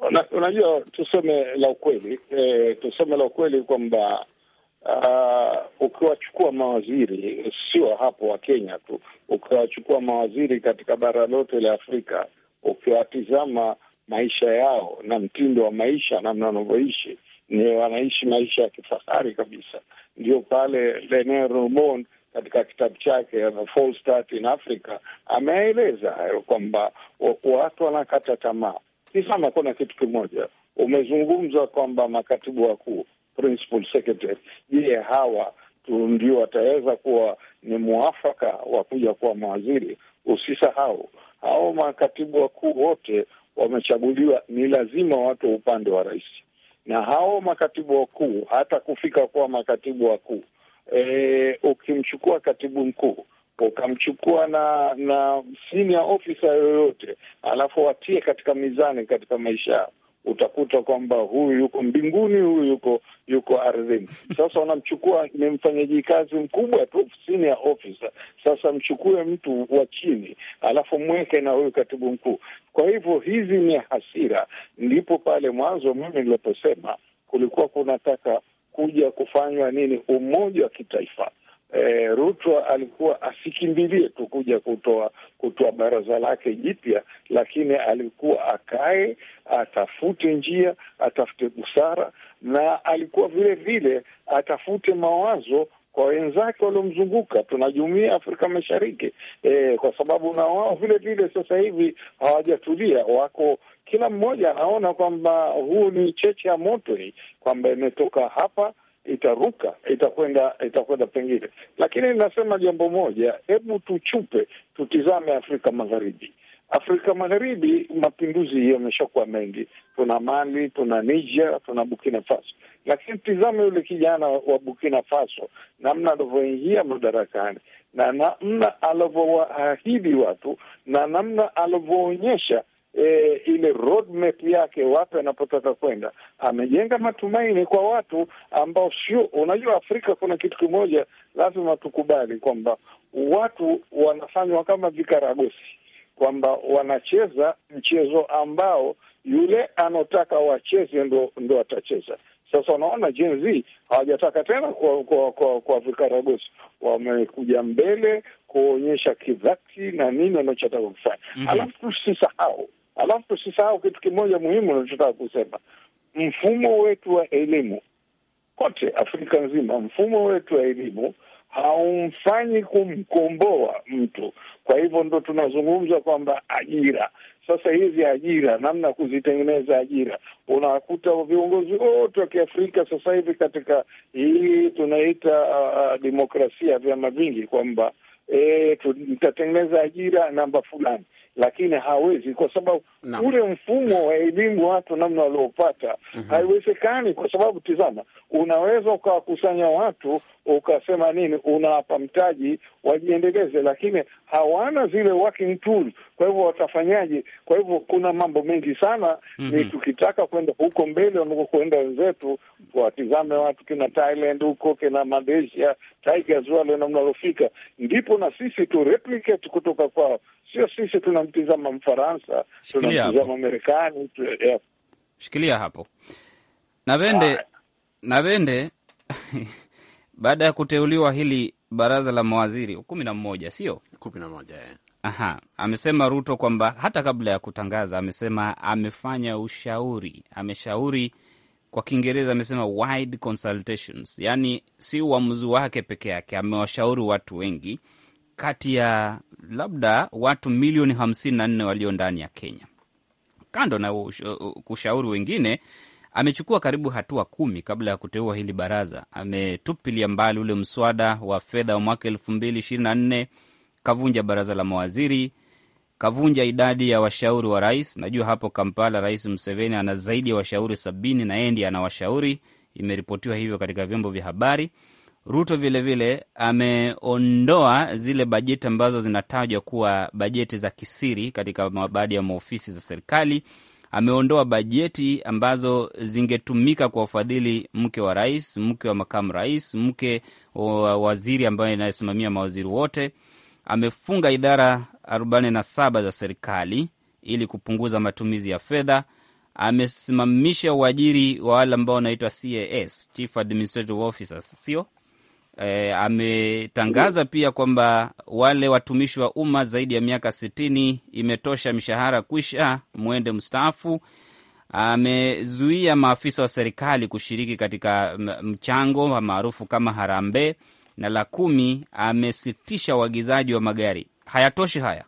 Una, unajua tuseme la ukweli e, tuseme la ukweli kwamba uh, ukiwachukua mawaziri sio hapo wa Kenya tu, ukiwachukua mawaziri katika bara lote la Afrika ukiwatizama maisha yao na mtindo wa maisha, namna wanavyoishi, ni wanaishi maisha ya kifahari kabisa. Ndio pale Lene Romon katika kitabu chake uh, The False Start in Africa ameeleza hayo kwamba watu wanakata tamaa. Tizama, kuna kitu kimoja umezungumza kwamba makatibu wakuu principal secretary, je, hawa tu ndio wataweza kuwa ni mwafaka wa kuja kuwa mawaziri? Usisahau au makatibu wakuu wote wamechaguliwa, ni lazima watu wa upande wa rais, na hao makatibu wakuu hata kufika kuwa makatibu wakuu e, ukimchukua katibu mkuu ukamchukua na na senior officer yoyote, alafu watie katika mizani katika maisha yao, utakuta kwamba huyu yuko mbinguni, huyu yuko yuko ardhini. Sasa wanamchukua ni mfanyaji kazi mkubwa tu, senior officer. Sasa mchukue mtu wa chini, alafu mweke na huyu katibu mkuu. Kwa hivyo hizi ni hasira, ndipo pale mwanzo mimi niliposema kulikuwa kunataka kuja kufanywa nini, umoja wa kitaifa eh, Ruto alikuwa asikimbilie tu kuja kutoa kutoa baraza lake jipya, lakini alikuwa akae atafute njia, atafute busara, na alikuwa vile vile atafute mawazo kwa wenzake waliomzunguka. Tuna jumuiya Afrika Mashariki eh, kwa sababu na wao vile vile sasa hivi hawajatulia, wako kila mmoja anaona kwamba huu ni cheche ya moto hii, kwamba imetoka hapa itaruka itakwenda itakwenda pengine. Lakini ninasema jambo moja, hebu tuchupe, tutizame Afrika Magharibi. Afrika Magharibi mapinduzi yameshakuwa mengi, tuna Mali, tuna Niger, tuna Burkina Faso. Lakini tizame yule kijana wa Burkina Faso, namna alivyoingia madarakani na namna alivyowaahidi watu na namna alivyoonyesha e, ile roadmap yake wapi anapotaka kwenda. Amejenga matumaini kwa watu ambao sio, unajua Afrika kuna kitu kimoja lazima tukubali kwamba watu wanafanywa kama vikaragosi, kwamba wanacheza mchezo ambao yule anaotaka wacheze ndo, ndo atacheza. Sasa unaona Gen Z hawajataka tena kwa kwa kwa, kwa vikaragosi, wamekuja mbele kuonyesha kidhati na nini wanachotaka kufanya. mm -hmm. Alafu tusisahau Alafu tusisahau kitu kimoja muhimu nachotaka kusema, mfumo wetu wa elimu kote Afrika nzima, mfumo wetu wa elimu haumfanyi kumkomboa mtu. Kwa hivyo ndo tunazungumza kwamba ajira sasa, hizi ajira, namna ya kuzitengeneza ajira, unakuta viongozi wote wa Kiafrika sasa hivi katika hii tunaita uh, demokrasia ya vyama vingi, kwamba e, eh, nitatengeneza ajira namba fulani lakini hawezi kwa sababu no. ule mfumo wa elimu watu namna waliopata mm -hmm. haiwezekani, kwa sababu tizama, unaweza ukawakusanya watu ukasema nini, unawapa mtaji wajiendeleze, lakini hawana zile working tool. Kwa hivyo watafanyaje? Kwa hivyo kuna mambo mengi sana mm -hmm. ni tukitaka kwenda huko mbele wanakokwenda wenzetu, watizame watu kina Thailand huko kina Malaysia, Tigers wale namna waliofika, ndipo na sisi tu replicate kutoka kwao sio sisi tunamtizama Mfaransa, tunamtizama Marekani. Shikilia hapo Navende, Navende (laughs) baada ya kuteuliwa hili baraza la mawaziri kumi na mmoja sio kumi na moja eh. Aha, amesema Ruto kwamba hata kabla ya kutangaza amesema amefanya ushauri, ameshauri kwa Kiingereza amesema wide consultations, yaani si uamuzi wake peke yake, amewashauri watu wengi kati ya labda watu milioni hamsini na nne walio ndani ya Kenya. Kando na kushauri wengine, amechukua karibu hatua kumi kabla ya kuteua hili baraza. Ametupilia mbali ule mswada wa fedha wa mwaka elfu mbili ishirini na nne, kavunja baraza la mawaziri, kavunja idadi ya washauri wa rais. Najua hapo Kampala Rais Museveni ana zaidi ya washauri sabini na yeye ndiye ana washauri, imeripotiwa hivyo katika vyombo vya habari. Ruto vilevile vile, ameondoa zile bajeti ambazo zinatajwa kuwa bajeti za kisiri katika baadhi ya maofisi za serikali. Ameondoa bajeti ambazo zingetumika kwa ufadhili mke wa rais, mke wa makamu rais, mke wa waziri ambaye anayesimamia mawaziri wote. Amefunga idara 47 za serikali ili kupunguza matumizi ya fedha. Amesimamisha uajiri wa wale ambao wanaitwa CAS, Chief Administrative Officers, sio eh, ametangaza pia kwamba wale watumishi wa umma zaidi ya miaka sitini imetosha, mishahara kwisha, mwende mstaafu. Amezuia maafisa wa serikali kushiriki katika mchango maarufu kama harambee, na la kumi, amesitisha uagizaji wa magari. Hayatoshi haya,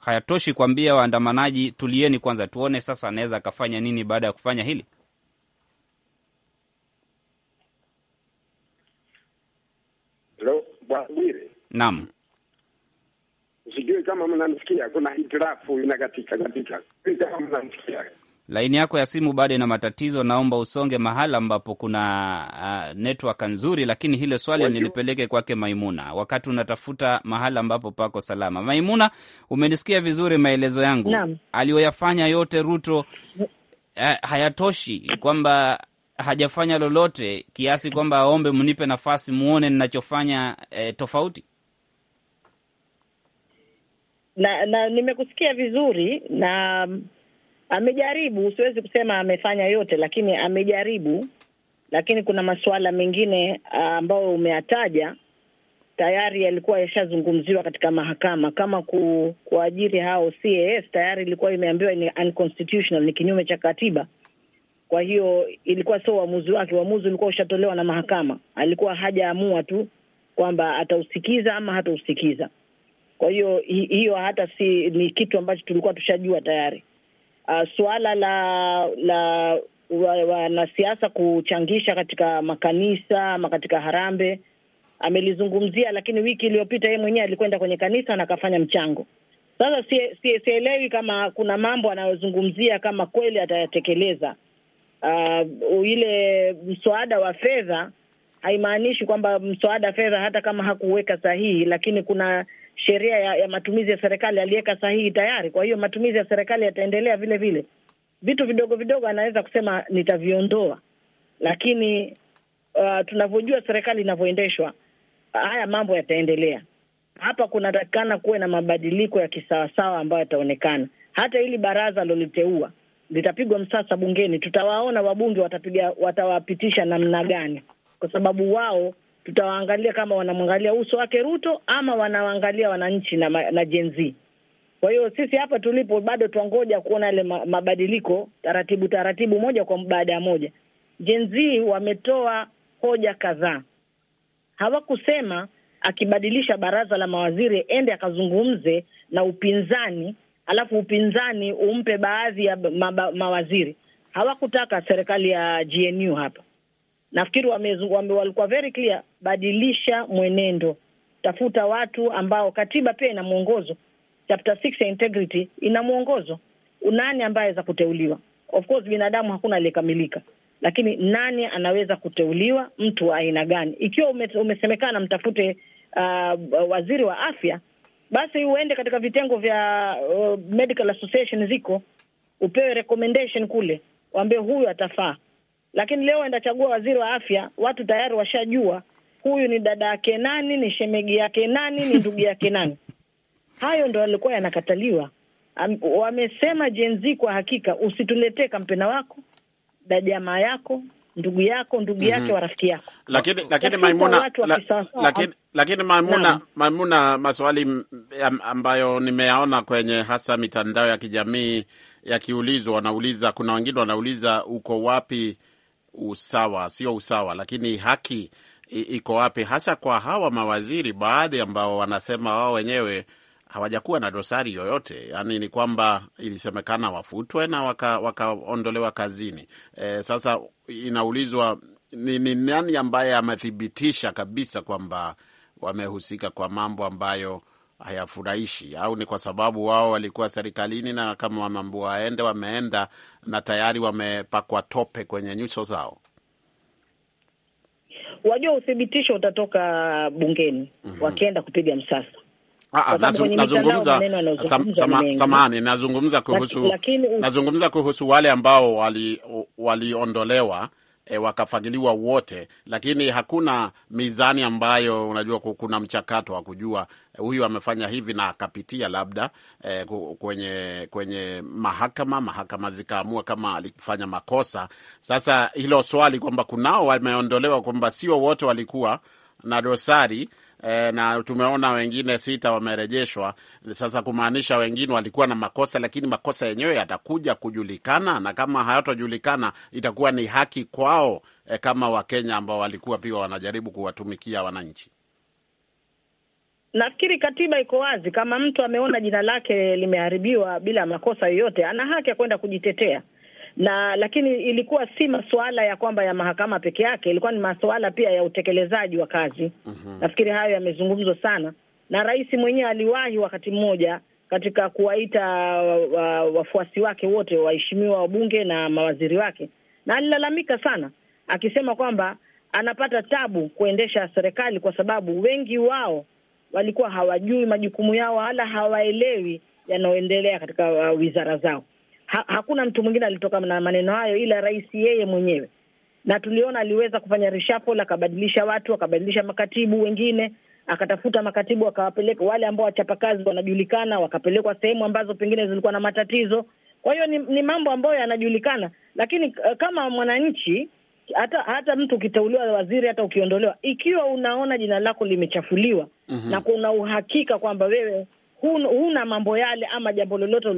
hayatoshi kuambia waandamanaji tulieni kwanza tuone. Sasa anaweza akafanya nini baada ya kufanya hili? Bwana Bwire, naam, sijui kama mnanisikia, kuna hitilafu inakatika katika, sijui kama mnanisikia. Laini yako ya simu bado ina matatizo, naomba usonge mahala ambapo kuna uh, network nzuri. Lakini hilo swali nilipeleke kwake Maimuna wakati unatafuta mahala ambapo pako salama. Maimuna, umenisikia vizuri maelezo yangu aliyoyafanya yote Ruto uh, hayatoshi kwamba hajafanya lolote kiasi kwamba aombe mnipe nafasi muone ninachofanya eh, tofauti na, na nimekusikia vizuri na amejaribu, siwezi kusema amefanya yote, lakini amejaribu. Lakini kuna masuala mengine ah, ambayo umeyataja tayari yalikuwa yashazungumziwa katika mahakama, kama ku, kuajiri hao CAS tayari ilikuwa imeambiwa ni unconstitutional, ni kinyume cha katiba kwa hiyo ilikuwa sio uamuzi wake, uamuzi ulikuwa ushatolewa na mahakama. Alikuwa hajaamua tu kwamba atausikiza ama hatausikiza. Kwa hiyo hiyo hata si ni kitu ambacho tulikuwa tushajua tayari. Uh, suala la la wanasiasa kuchangisha katika makanisa ama katika harambe amelizungumzia, lakini wiki iliyopita yeye mwenyewe alikwenda kwenye kanisa na akafanya mchango. Sasa sielewi si, si kama kuna mambo anayozungumzia kama kweli atayatekeleza uh, ile mswada wa fedha haimaanishi kwamba mswada fedha hata kama hakuweka sahihi, lakini kuna sheria ya, ya matumizi ya serikali aliweka sahihi tayari. Kwa hiyo matumizi ya serikali yataendelea vile vile. Vitu vidogo vidogo anaweza kusema nitaviondoa, lakini uh, tunavyojua serikali inavyoendeshwa, haya mambo yataendelea. Hapa kunatakikana kuwe na mabadiliko ya kisawasawa ambayo yataonekana hata hili baraza loliteua litapigwa msasa bungeni, tutawaona wabunge watapiga watawapitisha namna gani, kwa sababu wao tutawaangalia kama wanamwangalia uso wake Ruto ama wanawaangalia wananchi na, na jenzi. Kwa hiyo sisi hapa tulipo bado twangoja kuona yale mabadiliko taratibu taratibu, moja kwa baada ya moja. Jenzi wametoa hoja kadhaa, hawakusema akibadilisha baraza la mawaziri ende akazungumze na upinzani alafu upinzani umpe baadhi ya maba, mawaziri. Hawakutaka serikali ya GNU hapa, nafikiri wame, walikuwa very clear, badilisha mwenendo, tafuta watu ambao katiba pia ina mwongozo, chapter 6 ya integrity ina mwongozo, nani ambaye za kuteuliwa. Of course binadamu hakuna aliyekamilika, lakini nani anaweza kuteuliwa, mtu wa aina gani? Ikiwa umesemekana mtafute uh, waziri wa afya basi uende katika vitengo vya uh, medical association ziko, upewe recommendation kule, waambie huyu atafaa. Lakini leo enda chagua waziri wa afya, watu tayari washajua huyu ni dada yake nani, ni shemegi yake nani, ni ndugu (laughs) yake nani. Hayo ndo yalikuwa yanakataliwa. Um, wamesema jenzi kwa hakika, usituletee kampena wako dajamaa jamaa yako ndugu yako ndugu mm -hmm. wa rafiki yako. Lakini lakini Maimuna, ah, ah. lakini lakini Maimuna, Maimuna, maswali ambayo nimeyaona kwenye hasa mitandao ya kijamii yakiulizwa, wanauliza, kuna wengine wanauliza uko wapi usawa, sio usawa, lakini haki iko wapi hasa kwa hawa mawaziri baadhi ambao wanasema wao wenyewe hawajakuwa na dosari yoyote, yaani ni kwamba ilisemekana wafutwe na wakaondolewa waka kazini. E, sasa inaulizwa ni, ni nani ambaye amethibitisha kabisa kwamba wamehusika kwa mambo ambayo hayafurahishi au ni kwa sababu wao walikuwa serikalini na kama wameambiwa waende wameenda, na tayari wamepakwa tope kwenye nyuso zao. Wajua, uthibitisho utatoka bungeni mm -hmm. wakienda kupiga msasa Ah, ah, nazungumza samahani nazungumza kuhusu nazungumza kuhusu wale ambao waliondolewa wali eh, e, wakafagiliwa wote, lakini hakuna mizani ambayo unajua, kuna mchakato wa kujua eh, huyu amefanya hivi na akapitia labda e, kwenye kwenye mahakama, mahakama zikaamua kama alifanya makosa. Sasa hilo swali kwamba kunao wameondolewa kwamba sio wote walikuwa na dosari e, na tumeona wengine sita wamerejeshwa. Sasa kumaanisha wengine walikuwa na makosa, lakini makosa yenyewe yatakuja kujulikana, na kama hayatojulikana itakuwa ni haki kwao, e, kama Wakenya ambao walikuwa pia wanajaribu kuwatumikia wananchi. Nafikiri katiba iko wazi. Kama mtu ameona jina lake limeharibiwa bila makosa yoyote, ana haki ya kwenda kujitetea na lakini ilikuwa si masuala ya kwamba ya mahakama peke yake, ilikuwa ni masuala pia ya utekelezaji wa kazi. -hmm. Nafikiri hayo yamezungumzwa sana na rais mwenyewe aliwahi wakati mmoja katika kuwaita wafuasi wa, wa wake wote waheshimiwa wabunge na mawaziri wake, na alilalamika sana akisema kwamba anapata tabu kuendesha serikali kwa sababu wengi wao walikuwa hawajui majukumu yao wala hawaelewi yanayoendelea katika uh, wizara zao ha, hakuna mtu mwingine alitoka na maneno hayo ila rais yeye mwenyewe, na tuliona aliweza kufanya reshuffle, akabadilisha watu, akabadilisha makatibu wengine, akatafuta makatibu akawapeleka wale ambao wachapakazi wanajulikana, wakapelekwa sehemu ambazo pengine zilikuwa na matatizo. Kwa hiyo ni, ni mambo ambayo yanajulikana, lakini eh, kama mwananchi hata hata mtu ukiteuliwa waziri, hata ukiondolewa, ikiwa unaona jina lako limechafuliwa mm -hmm. na kuna uhakika kwamba wewe huna mambo yale ama jambo lolote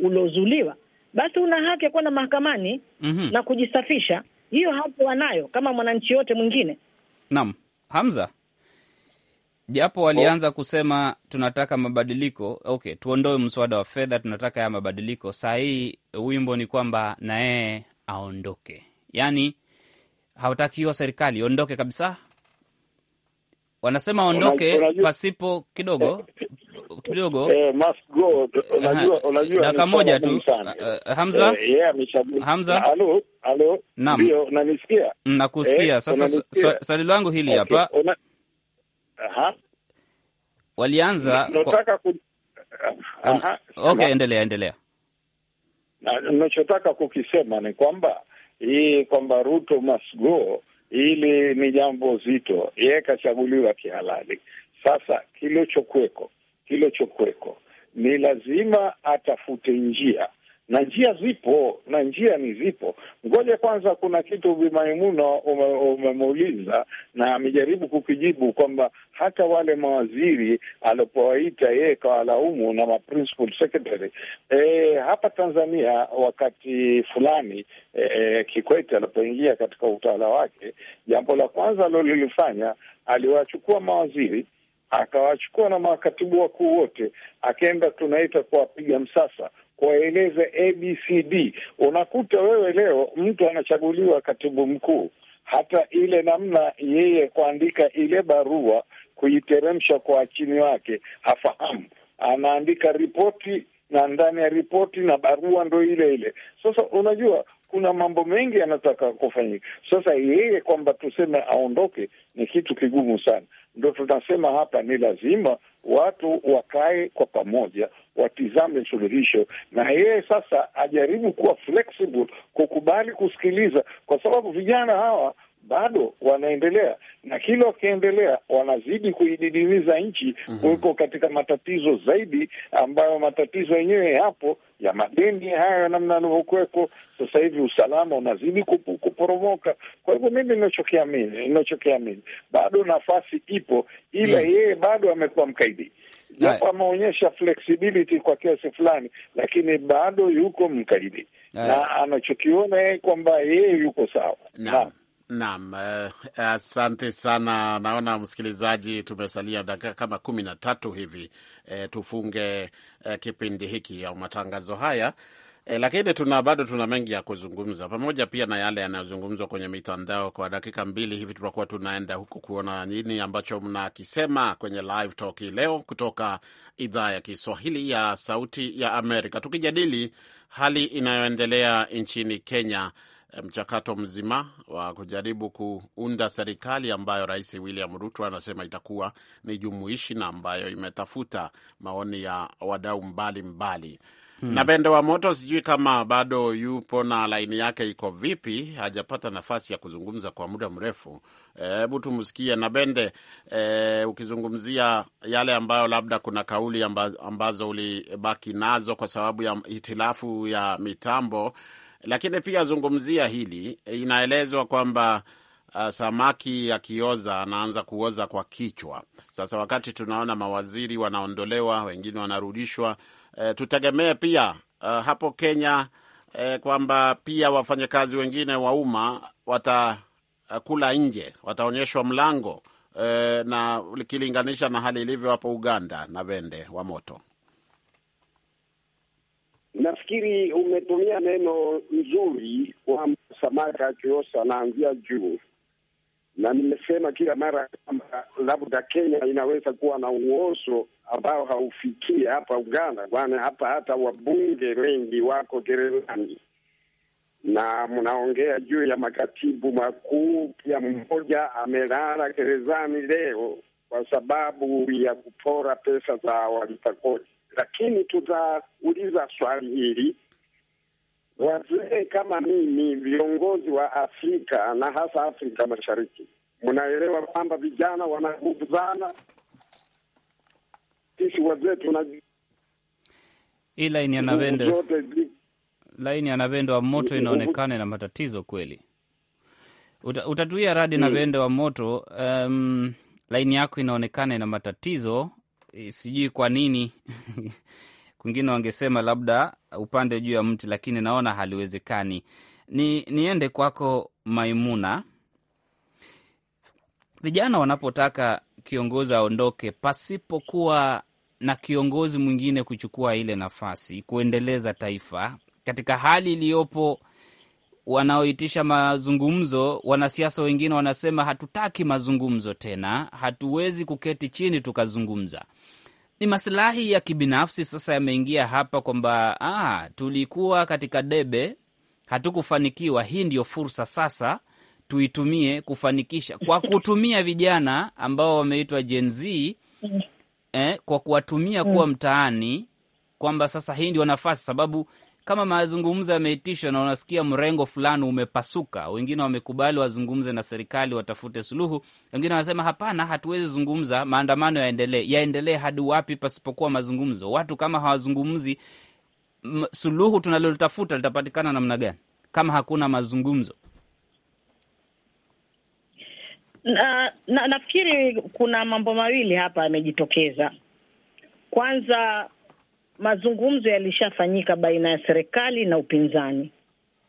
ulozuliwa, basi una haki ya kwenda mahakamani mm -hmm. na kujisafisha. Hiyo haki wanayo kama mwananchi yote mwingine. Naam, Hamza, japo oh. walianza oh, kusema tunataka mabadiliko okay, tuondoe mswada wa fedha, tunataka haya mabadiliko. Saa hii wimbo ni kwamba na yeye aondoke, yaani hawatakiwa serikali iondoke kabisa, wanasema ondoke pasipo kidogo kidogo eh, eh, dakika moja tu. Eh, Hamza, Hamza, naam, nakusikia sasa. Swali langu hili hapa, walianza okay, endelea endelea. Nachotaka kukisema ni kwamba hii kwamba Ruto must go Hili ni jambo zito, yeye kachaguliwa kihalali. Sasa kilichokuweko, kilichokuweko ni lazima atafute njia na njia zipo, na njia ni zipo. Ngoja kwanza, kuna kitu Bimaimuna umemuuliza na amejaribu kukijibu kwamba hata wale mawaziri alipowaita yeye kawalaumu na ma secretary e, hapa Tanzania wakati fulani e, Kikwete alipoingia katika utawala wake, jambo la kwanza alilolifanya aliwachukua mawaziri akawachukua na makatibu wakuu wote, akaenda tunaita kuwapiga msasa waeleze ABCD. Unakuta wewe leo mtu anachaguliwa katibu mkuu, hata ile namna yeye kuandika ile barua, kuiteremsha kwa chini wake hafahamu. Anaandika ripoti na ndani ya ripoti na barua ndo ile ile. Sasa unajua kuna mambo mengi yanataka kufanyika. Sasa yeye kwamba tuseme aondoke ni kitu kigumu sana, ndo tunasema hapa ni lazima watu wakae kwa pamoja watizame suluhisho, na yeye sasa ajaribu kuwa flexible, kukubali kusikiliza, kwa sababu vijana hawa bado wanaendelea na kila wakiendelea wanazidi kuididimiza nchi mm -hmm. kuweko katika matatizo zaidi, ambayo matatizo yenyewe yapo ya madeni hayo, namna yanavyokuweko sasa hivi, usalama unazidi kupu, kuporomoka. Kwa hivyo mimi ninachokiamini, ninachokiamini bado nafasi ipo, ila mm. yeye mm -hmm. bado amekuwa mkaidi japo ameonyesha flexibility kwa kiasi fulani, lakini bado yuko mkaidi na anachokiona yeye kwamba yeye yuko sawa naam. Naam, eh, asante uh, sana. Naona msikilizaji, tumesalia dakika kama kumi na tatu hivi, uh, tufunge uh, kipindi hiki au matangazo haya E, lakini tuna bado tuna mengi ya kuzungumza pamoja pia na yale yanayozungumzwa kwenye mitandao. Kwa dakika mbili hivi tutakuwa tunaenda huku kuona nini ambacho mnakisema kwenye live talk leo kutoka idhaa ya Kiswahili ya Sauti ya Amerika, tukijadili hali inayoendelea nchini Kenya, eh, mchakato mzima wa kujaribu kuunda serikali ambayo Rais William Ruto anasema itakuwa ni jumuishi na ambayo imetafuta maoni ya wadau mbalimbali mbali. Hmm. Na Bende wa Moto sijui kama bado yupo na laini yake iko vipi, hajapata nafasi ya kuzungumza kwa muda mrefu. Hebu tumsikie na Bende. E, ukizungumzia yale ambayo labda kuna kauli ambazo ulibaki nazo kwa sababu ya hitilafu ya mitambo, lakini pia zungumzia hili, eh, inaelezwa kwamba Uh, samaki akioza anaanza kuoza kwa kichwa. Sasa wakati tunaona mawaziri wanaondolewa, wengine wanarudishwa, e, tutegemee pia uh, hapo Kenya e, kwamba pia wafanyakazi wengine wa umma watakula nje, wataonyeshwa mlango e, na ukilinganisha na hali ilivyo hapo Uganda na vende wa moto. Nafikiri umetumia neno nzuri kwamba samaki akiosa anaanzia juu, na nimesema kila mara kwamba labda Kenya inaweza kuwa na uozo ambao haufikie hapa Uganda, kwani Hapa hata wabunge wengi wako gerezani na mnaongea juu ya makatibu makuu, pia mmoja amelala gerezani leo kwa sababu ya kupora pesa za walipa kodi. Lakini tutauliza swali hili, wazee kama mimi, viongozi wa Afrika na hasa Afrika Mashariki, mnaelewa kwamba vijana wana nguvu sana sisi wazee tuna hii laini ya laini ya Navende wa moto inaonekana na matatizo kweli. Uta, utatuia radi hmm. Navende wa moto, um, laini yako inaonekana ina matatizo, e, sijui kwa nini (laughs) kwingine wangesema labda upande juu ya mti, lakini naona haliwezekani. Ni niende kwako Maimuna, vijana wanapotaka kiongozi aondoke pasipokuwa na kiongozi mwingine kuchukua ile nafasi kuendeleza taifa katika hali iliyopo. Wanaoitisha mazungumzo, wanasiasa wengine wanasema hatutaki mazungumzo tena, hatuwezi kuketi chini tukazungumza. Ni masilahi ya kibinafsi sasa yameingia hapa, kwamba ah, tulikuwa katika debe, hatukufanikiwa. Hii ndiyo fursa sasa tuitumie kufanikisha kwa kutumia vijana ambao wameitwa Gen Z eh, kwa kuwatumia mm. kuwa mtaani, kwamba sasa hii ndio nafasi, sababu kama mazungumzo yameitishwa na unasikia mrengo fulani umepasuka, wengine wamekubali wazungumze na serikali watafute suluhu, wengine wanasema hapana, hatuwezi zungumza, maandamano yaendelee. Yaendelee hadi wapi pasipokuwa mazungumzo? Watu kama hawazungumzi, suluhu tunalolitafuta litapatikana namna gani kama hakuna mazungumzo? na, na nafikiri kuna mambo mawili hapa yamejitokeza. Kwanza, mazungumzo yalishafanyika baina ya serikali na upinzani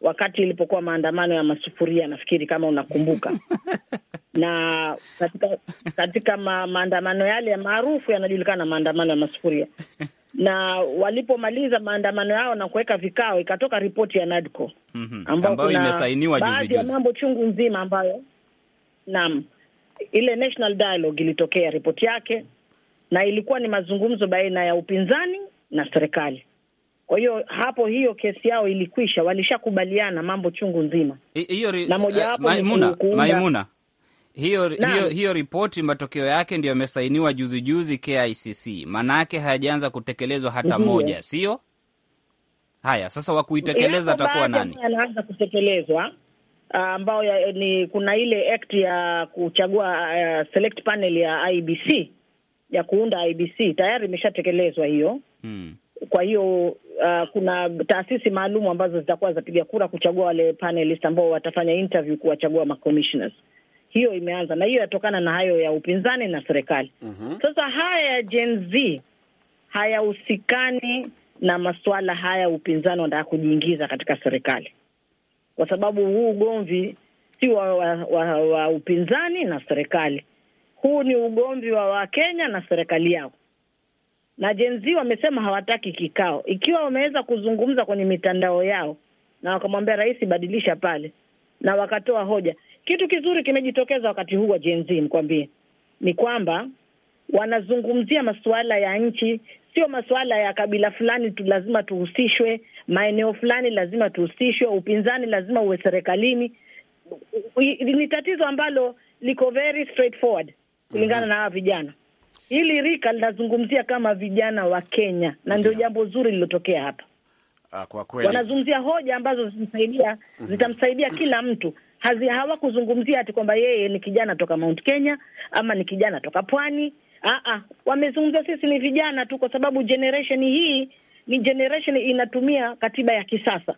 wakati ilipokuwa maandamano ya masufuria, nafikiri kama unakumbuka (laughs) na katika, katika ma, maandamano yale maarufu yanajulikana maandamano ya masufuria, na walipomaliza maandamano yao na kuweka vikao, ikatoka ripoti ya NADCO mhm. ambayo imesainiwa juzi juzi, mambo chungu nzima ambayo Naam, ile National Dialogue ilitokea ripoti yake, na ilikuwa ni mazungumzo baina ya upinzani na serikali. Kwa hiyo hapo, hiyo kesi yao ilikwisha, walishakubaliana mambo chungu nzima. Hiyo na mojawapo eh, uh, Maimuna, hiyo hiyo hiyo ripoti matokeo yake ndio yamesainiwa juzi juzi KICC, maanake hayajaanza kutekelezwa hata Ndiyo. moja, sio haya sasa, wa kuitekeleza atakuwa nani? Anaanza kutekelezwa Ah, ambao ya, ni kuna ile act ya kuchagua uh, select panel ya IBC ya kuunda IBC tayari imeshatekelezwa hiyo hmm. Kwa hiyo uh, kuna taasisi maalum ambazo zitakuwa zapiga kura kuchagua wale panelist ambao watafanya interview kuwachagua macommissioners. Hiyo imeanza na hiyo yatokana na hayo ya upinzani na serikali uh-huh. Sasa haya ya Gen Z hayahusikani na masuala haya upinzani wanataka kujiingiza katika serikali kwa sababu huu ugomvi si wa, wa, wa, wa upinzani na serikali. Huu ni ugomvi wa Wakenya na serikali yao, na jenzi wamesema hawataki kikao. Ikiwa wameweza kuzungumza kwenye mitandao yao na wakamwambia rais, badilisha pale, na wakatoa hoja. Kitu kizuri kimejitokeza wakati huu wa jenzi, nikwambie ni kwamba wanazungumzia masuala ya nchi, sio masuala ya kabila fulani tu lazima tuhusishwe, maeneo fulani lazima tuhusishwe, upinzani lazima uwe serikalini. Ni tatizo ambalo liko very straightforward kulingana mm -hmm. na hawa vijana hili rika linazungumzia kama vijana wa Kenya na ndio jambo zuri lililotokea hapa. Ah, kwa kweli wanazungumzia hoja ambazo zitamsaidia mhm. zitamsaidia kila mtu. Hawakuzungumzia ati kwamba yeye ni kijana toka Mount Kenya ama ni kijana toka pwani Ah, ah. wamezungumza sisi ni vijana tu, kwa sababu generation hii ni generation inatumia katiba ya kisasa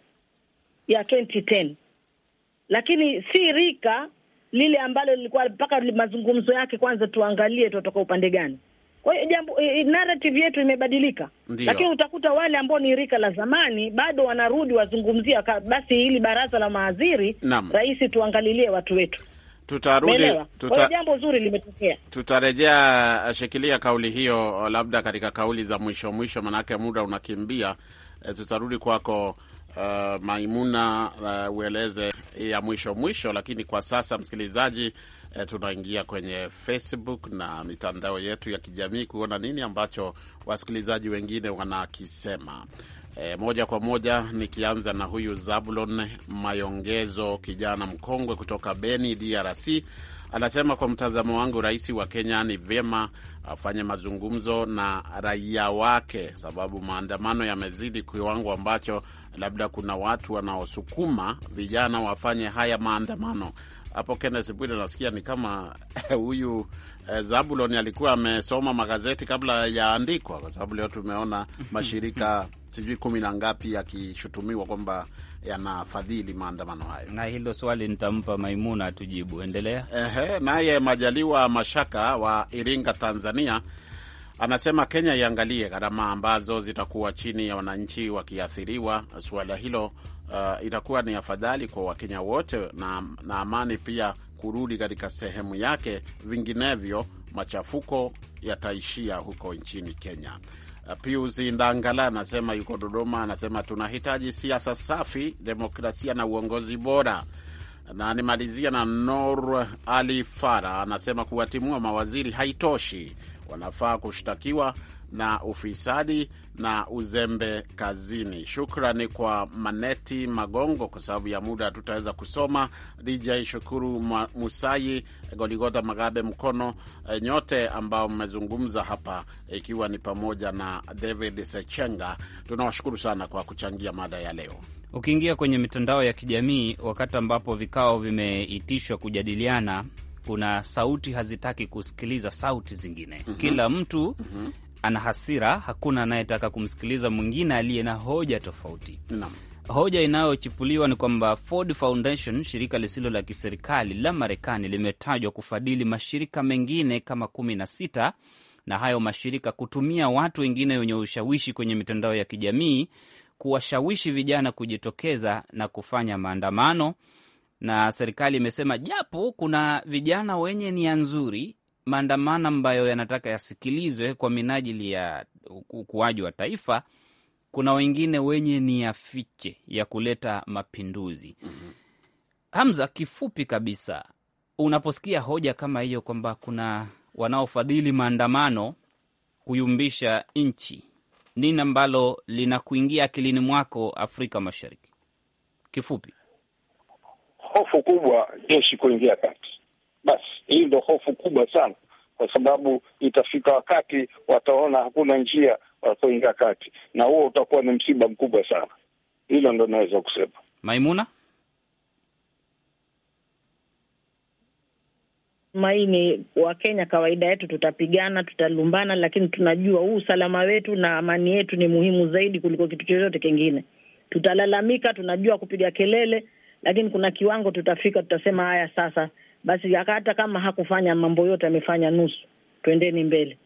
ya 2010 lakini si rika lile ambalo lilikuwa mpaka mazungumzo yake. Kwanza tuangalie tutatoka upande gani. Kwa hiyo jambo, narrative yetu imebadilika, lakini utakuta wale ambao ni rika la zamani bado wanarudi wazungumzia basi hili baraza la mawaziri, rais tuangalilie watu wetu tutarudi tuta, jambo zuri limetokea. Tutarejea uh, shikilia kauli hiyo, uh, labda katika kauli za mwisho mwisho, manake muda unakimbia. E, tutarudi kwako uh, Maimuna uh, ueleze ya mwisho mwisho, lakini kwa sasa msikilizaji, e, tunaingia kwenye Facebook na mitandao yetu ya kijamii kuona nini ambacho wasikilizaji wengine wanakisema. E, moja kwa moja nikianza na huyu Zabulon Mayongezo, kijana mkongwe kutoka Beni, DRC. Anasema kwa mtazamo wangu, rais wa Kenya ni vyema afanye mazungumzo na raia wake, sababu maandamano yamezidi kiwango ambacho labda kuna watu wanaosukuma vijana wafanye haya maandamano. Hapo Kennes Bwire, nasikia ni kama (laughs) huyu e, Zabuloni alikuwa amesoma magazeti kabla yaandikwa, kwa sababu leo tumeona mashirika (laughs) sijui kumi na ngapi yakishutumiwa kwamba yanafadhili maandamano hayo. Na hilo swali nitampa Maimuna atujibu. Endelea. Ehe, naye Majaliwa Mashaka wa Iringa, Tanzania anasema Kenya iangalie gharama ambazo zitakuwa chini ya wananchi wakiathiriwa suala hilo. Uh, itakuwa ni afadhali kwa Wakenya wote na, na amani pia kurudi katika sehemu yake, vinginevyo machafuko yataishia huko nchini Kenya. Pius Ndangala anasema yuko Dodoma, anasema tunahitaji siasa safi, demokrasia na uongozi bora. Na nimalizia na Nor Ali Fara anasema kuwatimua mawaziri haitoshi, wanafaa kushtakiwa na ufisadi na uzembe kazini. Shukrani kwa Maneti Magongo. Kwa sababu ya muda tutaweza kusoma DJ Shukuru Musayi, Goligota Magabe Mkono, e, nyote ambao mmezungumza hapa, ikiwa ni pamoja na David Sechenga. Tunawashukuru sana kwa kuchangia mada ya leo. Ukiingia kwenye mitandao ya kijamii, wakati ambapo vikao vimeitishwa kujadiliana kuna sauti hazitaki kusikiliza sauti zingine. mm -hmm. Kila mtu mm -hmm ana hasira, hakuna anayetaka kumsikiliza mwingine aliye na hoja tofauti no. Hoja inayochipuliwa ni kwamba Ford Foundation, shirika lisilo la kiserikali la Marekani, limetajwa kufadhili mashirika mengine kama kumi na sita na hayo mashirika kutumia watu wengine wenye ushawishi kwenye mitandao ya kijamii kuwashawishi vijana kujitokeza na kufanya maandamano. Na serikali imesema japo kuna vijana wenye nia nzuri maandamano ambayo yanataka yasikilizwe kwa minajili ya ukuaji wa taifa, kuna wengine wenye ni ya fiche ya kuleta mapinduzi. mm -hmm. Hamza, kifupi kabisa, unaposikia hoja kama hiyo kwamba kuna wanaofadhili maandamano kuyumbisha nchi, nini ambalo linakuingia akilini mwako Afrika Mashariki? Kifupi, hofu kubwa jeshi kuingia kati basi hii ndo hofu kubwa sana, kwa sababu itafika wakati wataona hakuna njia wakuingia kati, na huo utakuwa ni msiba mkubwa sana. Hilo ndo naweza kusema. Maimuna Maini, Wakenya kawaida yetu tutapigana, tutalumbana, lakini tunajua huu usalama wetu na amani yetu ni muhimu zaidi kuliko kitu chochote kingine. Tutalalamika, tunajua kupiga kelele, lakini kuna kiwango tutafika, tutasema haya sasa, basi hata kama hakufanya mambo yote, amefanya nusu. Twendeni mbele.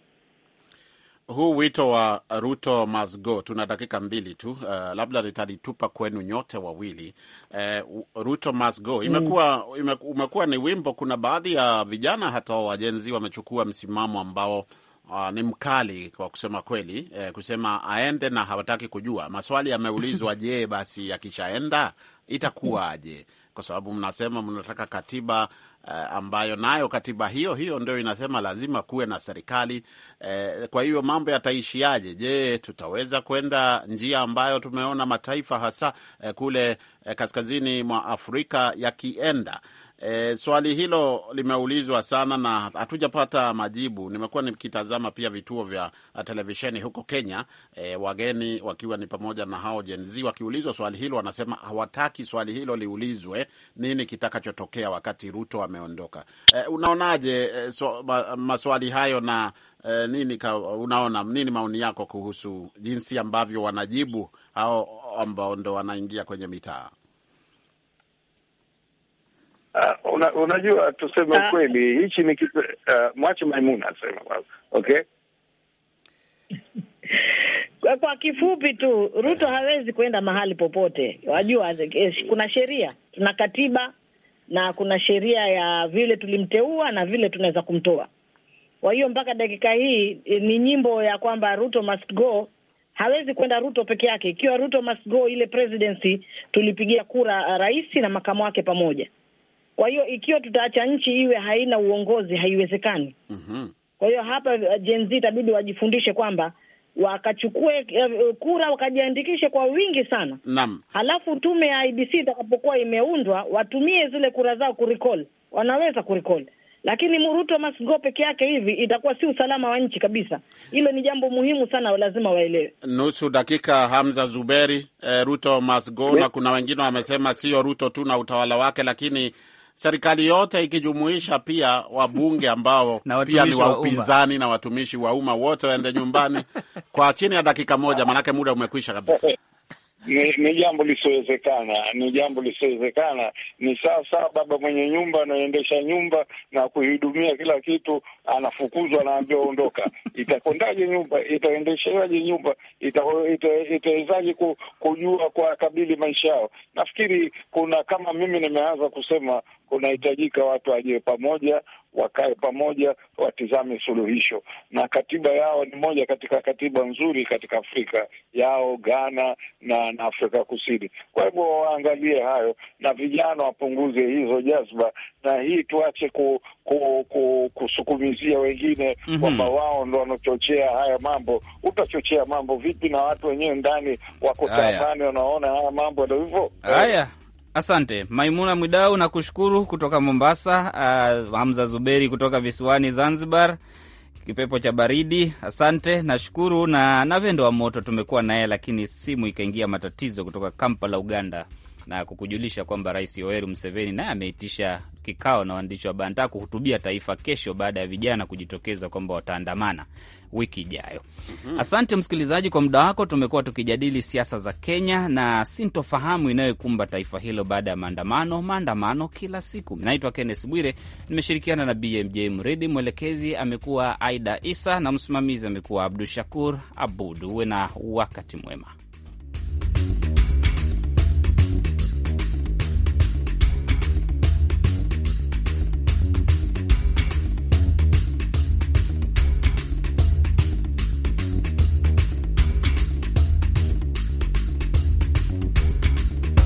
Huu wito wa Ruto must go, tuna dakika mbili tu. Uh, labda nitalitupa kwenu nyote wawili. Uh, Ruto must go mm. imekuwa mm, umekuwa ni wimbo. Kuna baadhi ya vijana hata wajenzi wamechukua msimamo ambao uh, ni mkali kwa kusema kweli eh, kusema aende na hawataki kujua. Maswali yameulizwa, je, basi yakishaenda itakuwaje? Kwa sababu mnasema mnataka katiba eh, ambayo nayo katiba hiyo hiyo ndio inasema lazima kuwe na serikali eh, kwa hiyo mambo yataishiaje? Je, tutaweza kwenda njia ambayo tumeona mataifa hasa eh, kule eh, kaskazini mwa Afrika yakienda E, swali hilo limeulizwa sana na hatujapata majibu. Nimekuwa nikitazama pia vituo vya uh, televisheni huko Kenya, e, wageni wakiwa ni pamoja na hao Gen Z wakiulizwa swali hilo wanasema hawataki swali hilo liulizwe, nini kitakachotokea wakati Ruto ameondoka. E, unaonaje e, so, ma, maswali hayo na e, nini ka, unaona nini maoni yako kuhusu jinsi ambavyo wanajibu hao ambao ndo wanaingia kwenye mitaa? Uh, una, unajua tuseme ah. ukweli, hichi ni uh, mwache Maimuna asema kwanza, okay Kwa, kwa kifupi tu Ruto hawezi kwenda mahali popote. Wajua eh, kuna sheria, tuna katiba na kuna sheria ya vile tulimteua na vile tunaweza kumtoa. Kwa hiyo mpaka dakika hii eh, ni nyimbo ya kwamba Ruto must go. Hawezi kwenda Ruto peke yake. Ikiwa Ruto must go, ile presidency tulipigia kura uh, rais na makamu wake pamoja kwa hiyo ikiwa tutaacha nchi iwe haina uongozi, haiwezekani. mm -hmm. Kwa hiyo hapa uh, Gen Z itabidi wajifundishe kwamba wakachukue uh, kura wakajiandikishe kwa wingi sana. Naam. Halafu tume ya IBC itakapokuwa imeundwa watumie zile kura zao kurecall, wanaweza kurecall lakini Ruto must go peke yake hivi itakuwa si usalama wa nchi kabisa. Hilo ni jambo muhimu sana, lazima waelewe. Nusu dakika, Hamza Zuberi. E, Ruto must go, na kuna wengine wamesema sio Ruto tu na utawala wake, lakini serikali yote ikijumuisha pia wabunge ambao (laughs) pia ni wa upinzani na watumishi wa umma wote waende nyumbani (laughs) kwa chini ya dakika moja, maanake muda umekwisha kabisa. (laughs) ni, ni jambo lisiowezekana, ni jambo lisiowezekana. Ni sasa baba mwenye nyumba anaendesha nyumba na kuihudumia kila kitu, anafukuzwa, anaambiwa ondoka. Itakwendaje nyumba? Itaendeshaje nyumba? Itawezaje ku, kujua kwa kabili maisha yao? Nafikiri kuna kama mimi nimeanza kusema, kunahitajika watu ajiwe pamoja wakae pamoja, watizame suluhisho, na katiba yao ni moja katika katiba nzuri katika Afrika yao Ghana na, na Afrika Kusini. Kwa hivyo waangalie hayo na vijana wapunguze hizo jazba, na hii tuache ku, ku, ku, kusukumizia wengine mhm. kwamba mm -hmm. wao ndo wanachochea haya mambo. Utachochea mambo vipi na watu wenyewe ndani wako taabani, wanaona haya mambo ndo hivyo haya Asante Maimuna Mwidau, na kushukuru kutoka Mombasa. Uh, Hamza Zuberi kutoka visiwani Zanzibar, kipepo cha baridi. Asante, nashukuru na Navendo wa Moto tumekuwa naye, lakini simu ikaingia matatizo kutoka Kampala, Uganda, na kukujulisha kwamba Rais Yoweri Museveni naye ameitisha kikao na waandishi wa bandaa kuhutubia taifa kesho baada ya vijana kujitokeza kwamba wataandamana wiki ijayo. Mm -hmm. Asante msikilizaji kwa muda wako. Tumekuwa tukijadili siasa za Kenya na sintofahamu inayokumba taifa hilo baada ya maandamano, maandamano kila siku. Naitwa kennes Bwire, nimeshirikiana na BMJ Mridi, mwelekezi amekuwa Aida Isa na msimamizi amekuwa Abdu Shakur Abudu. Uwe na wakati mwema.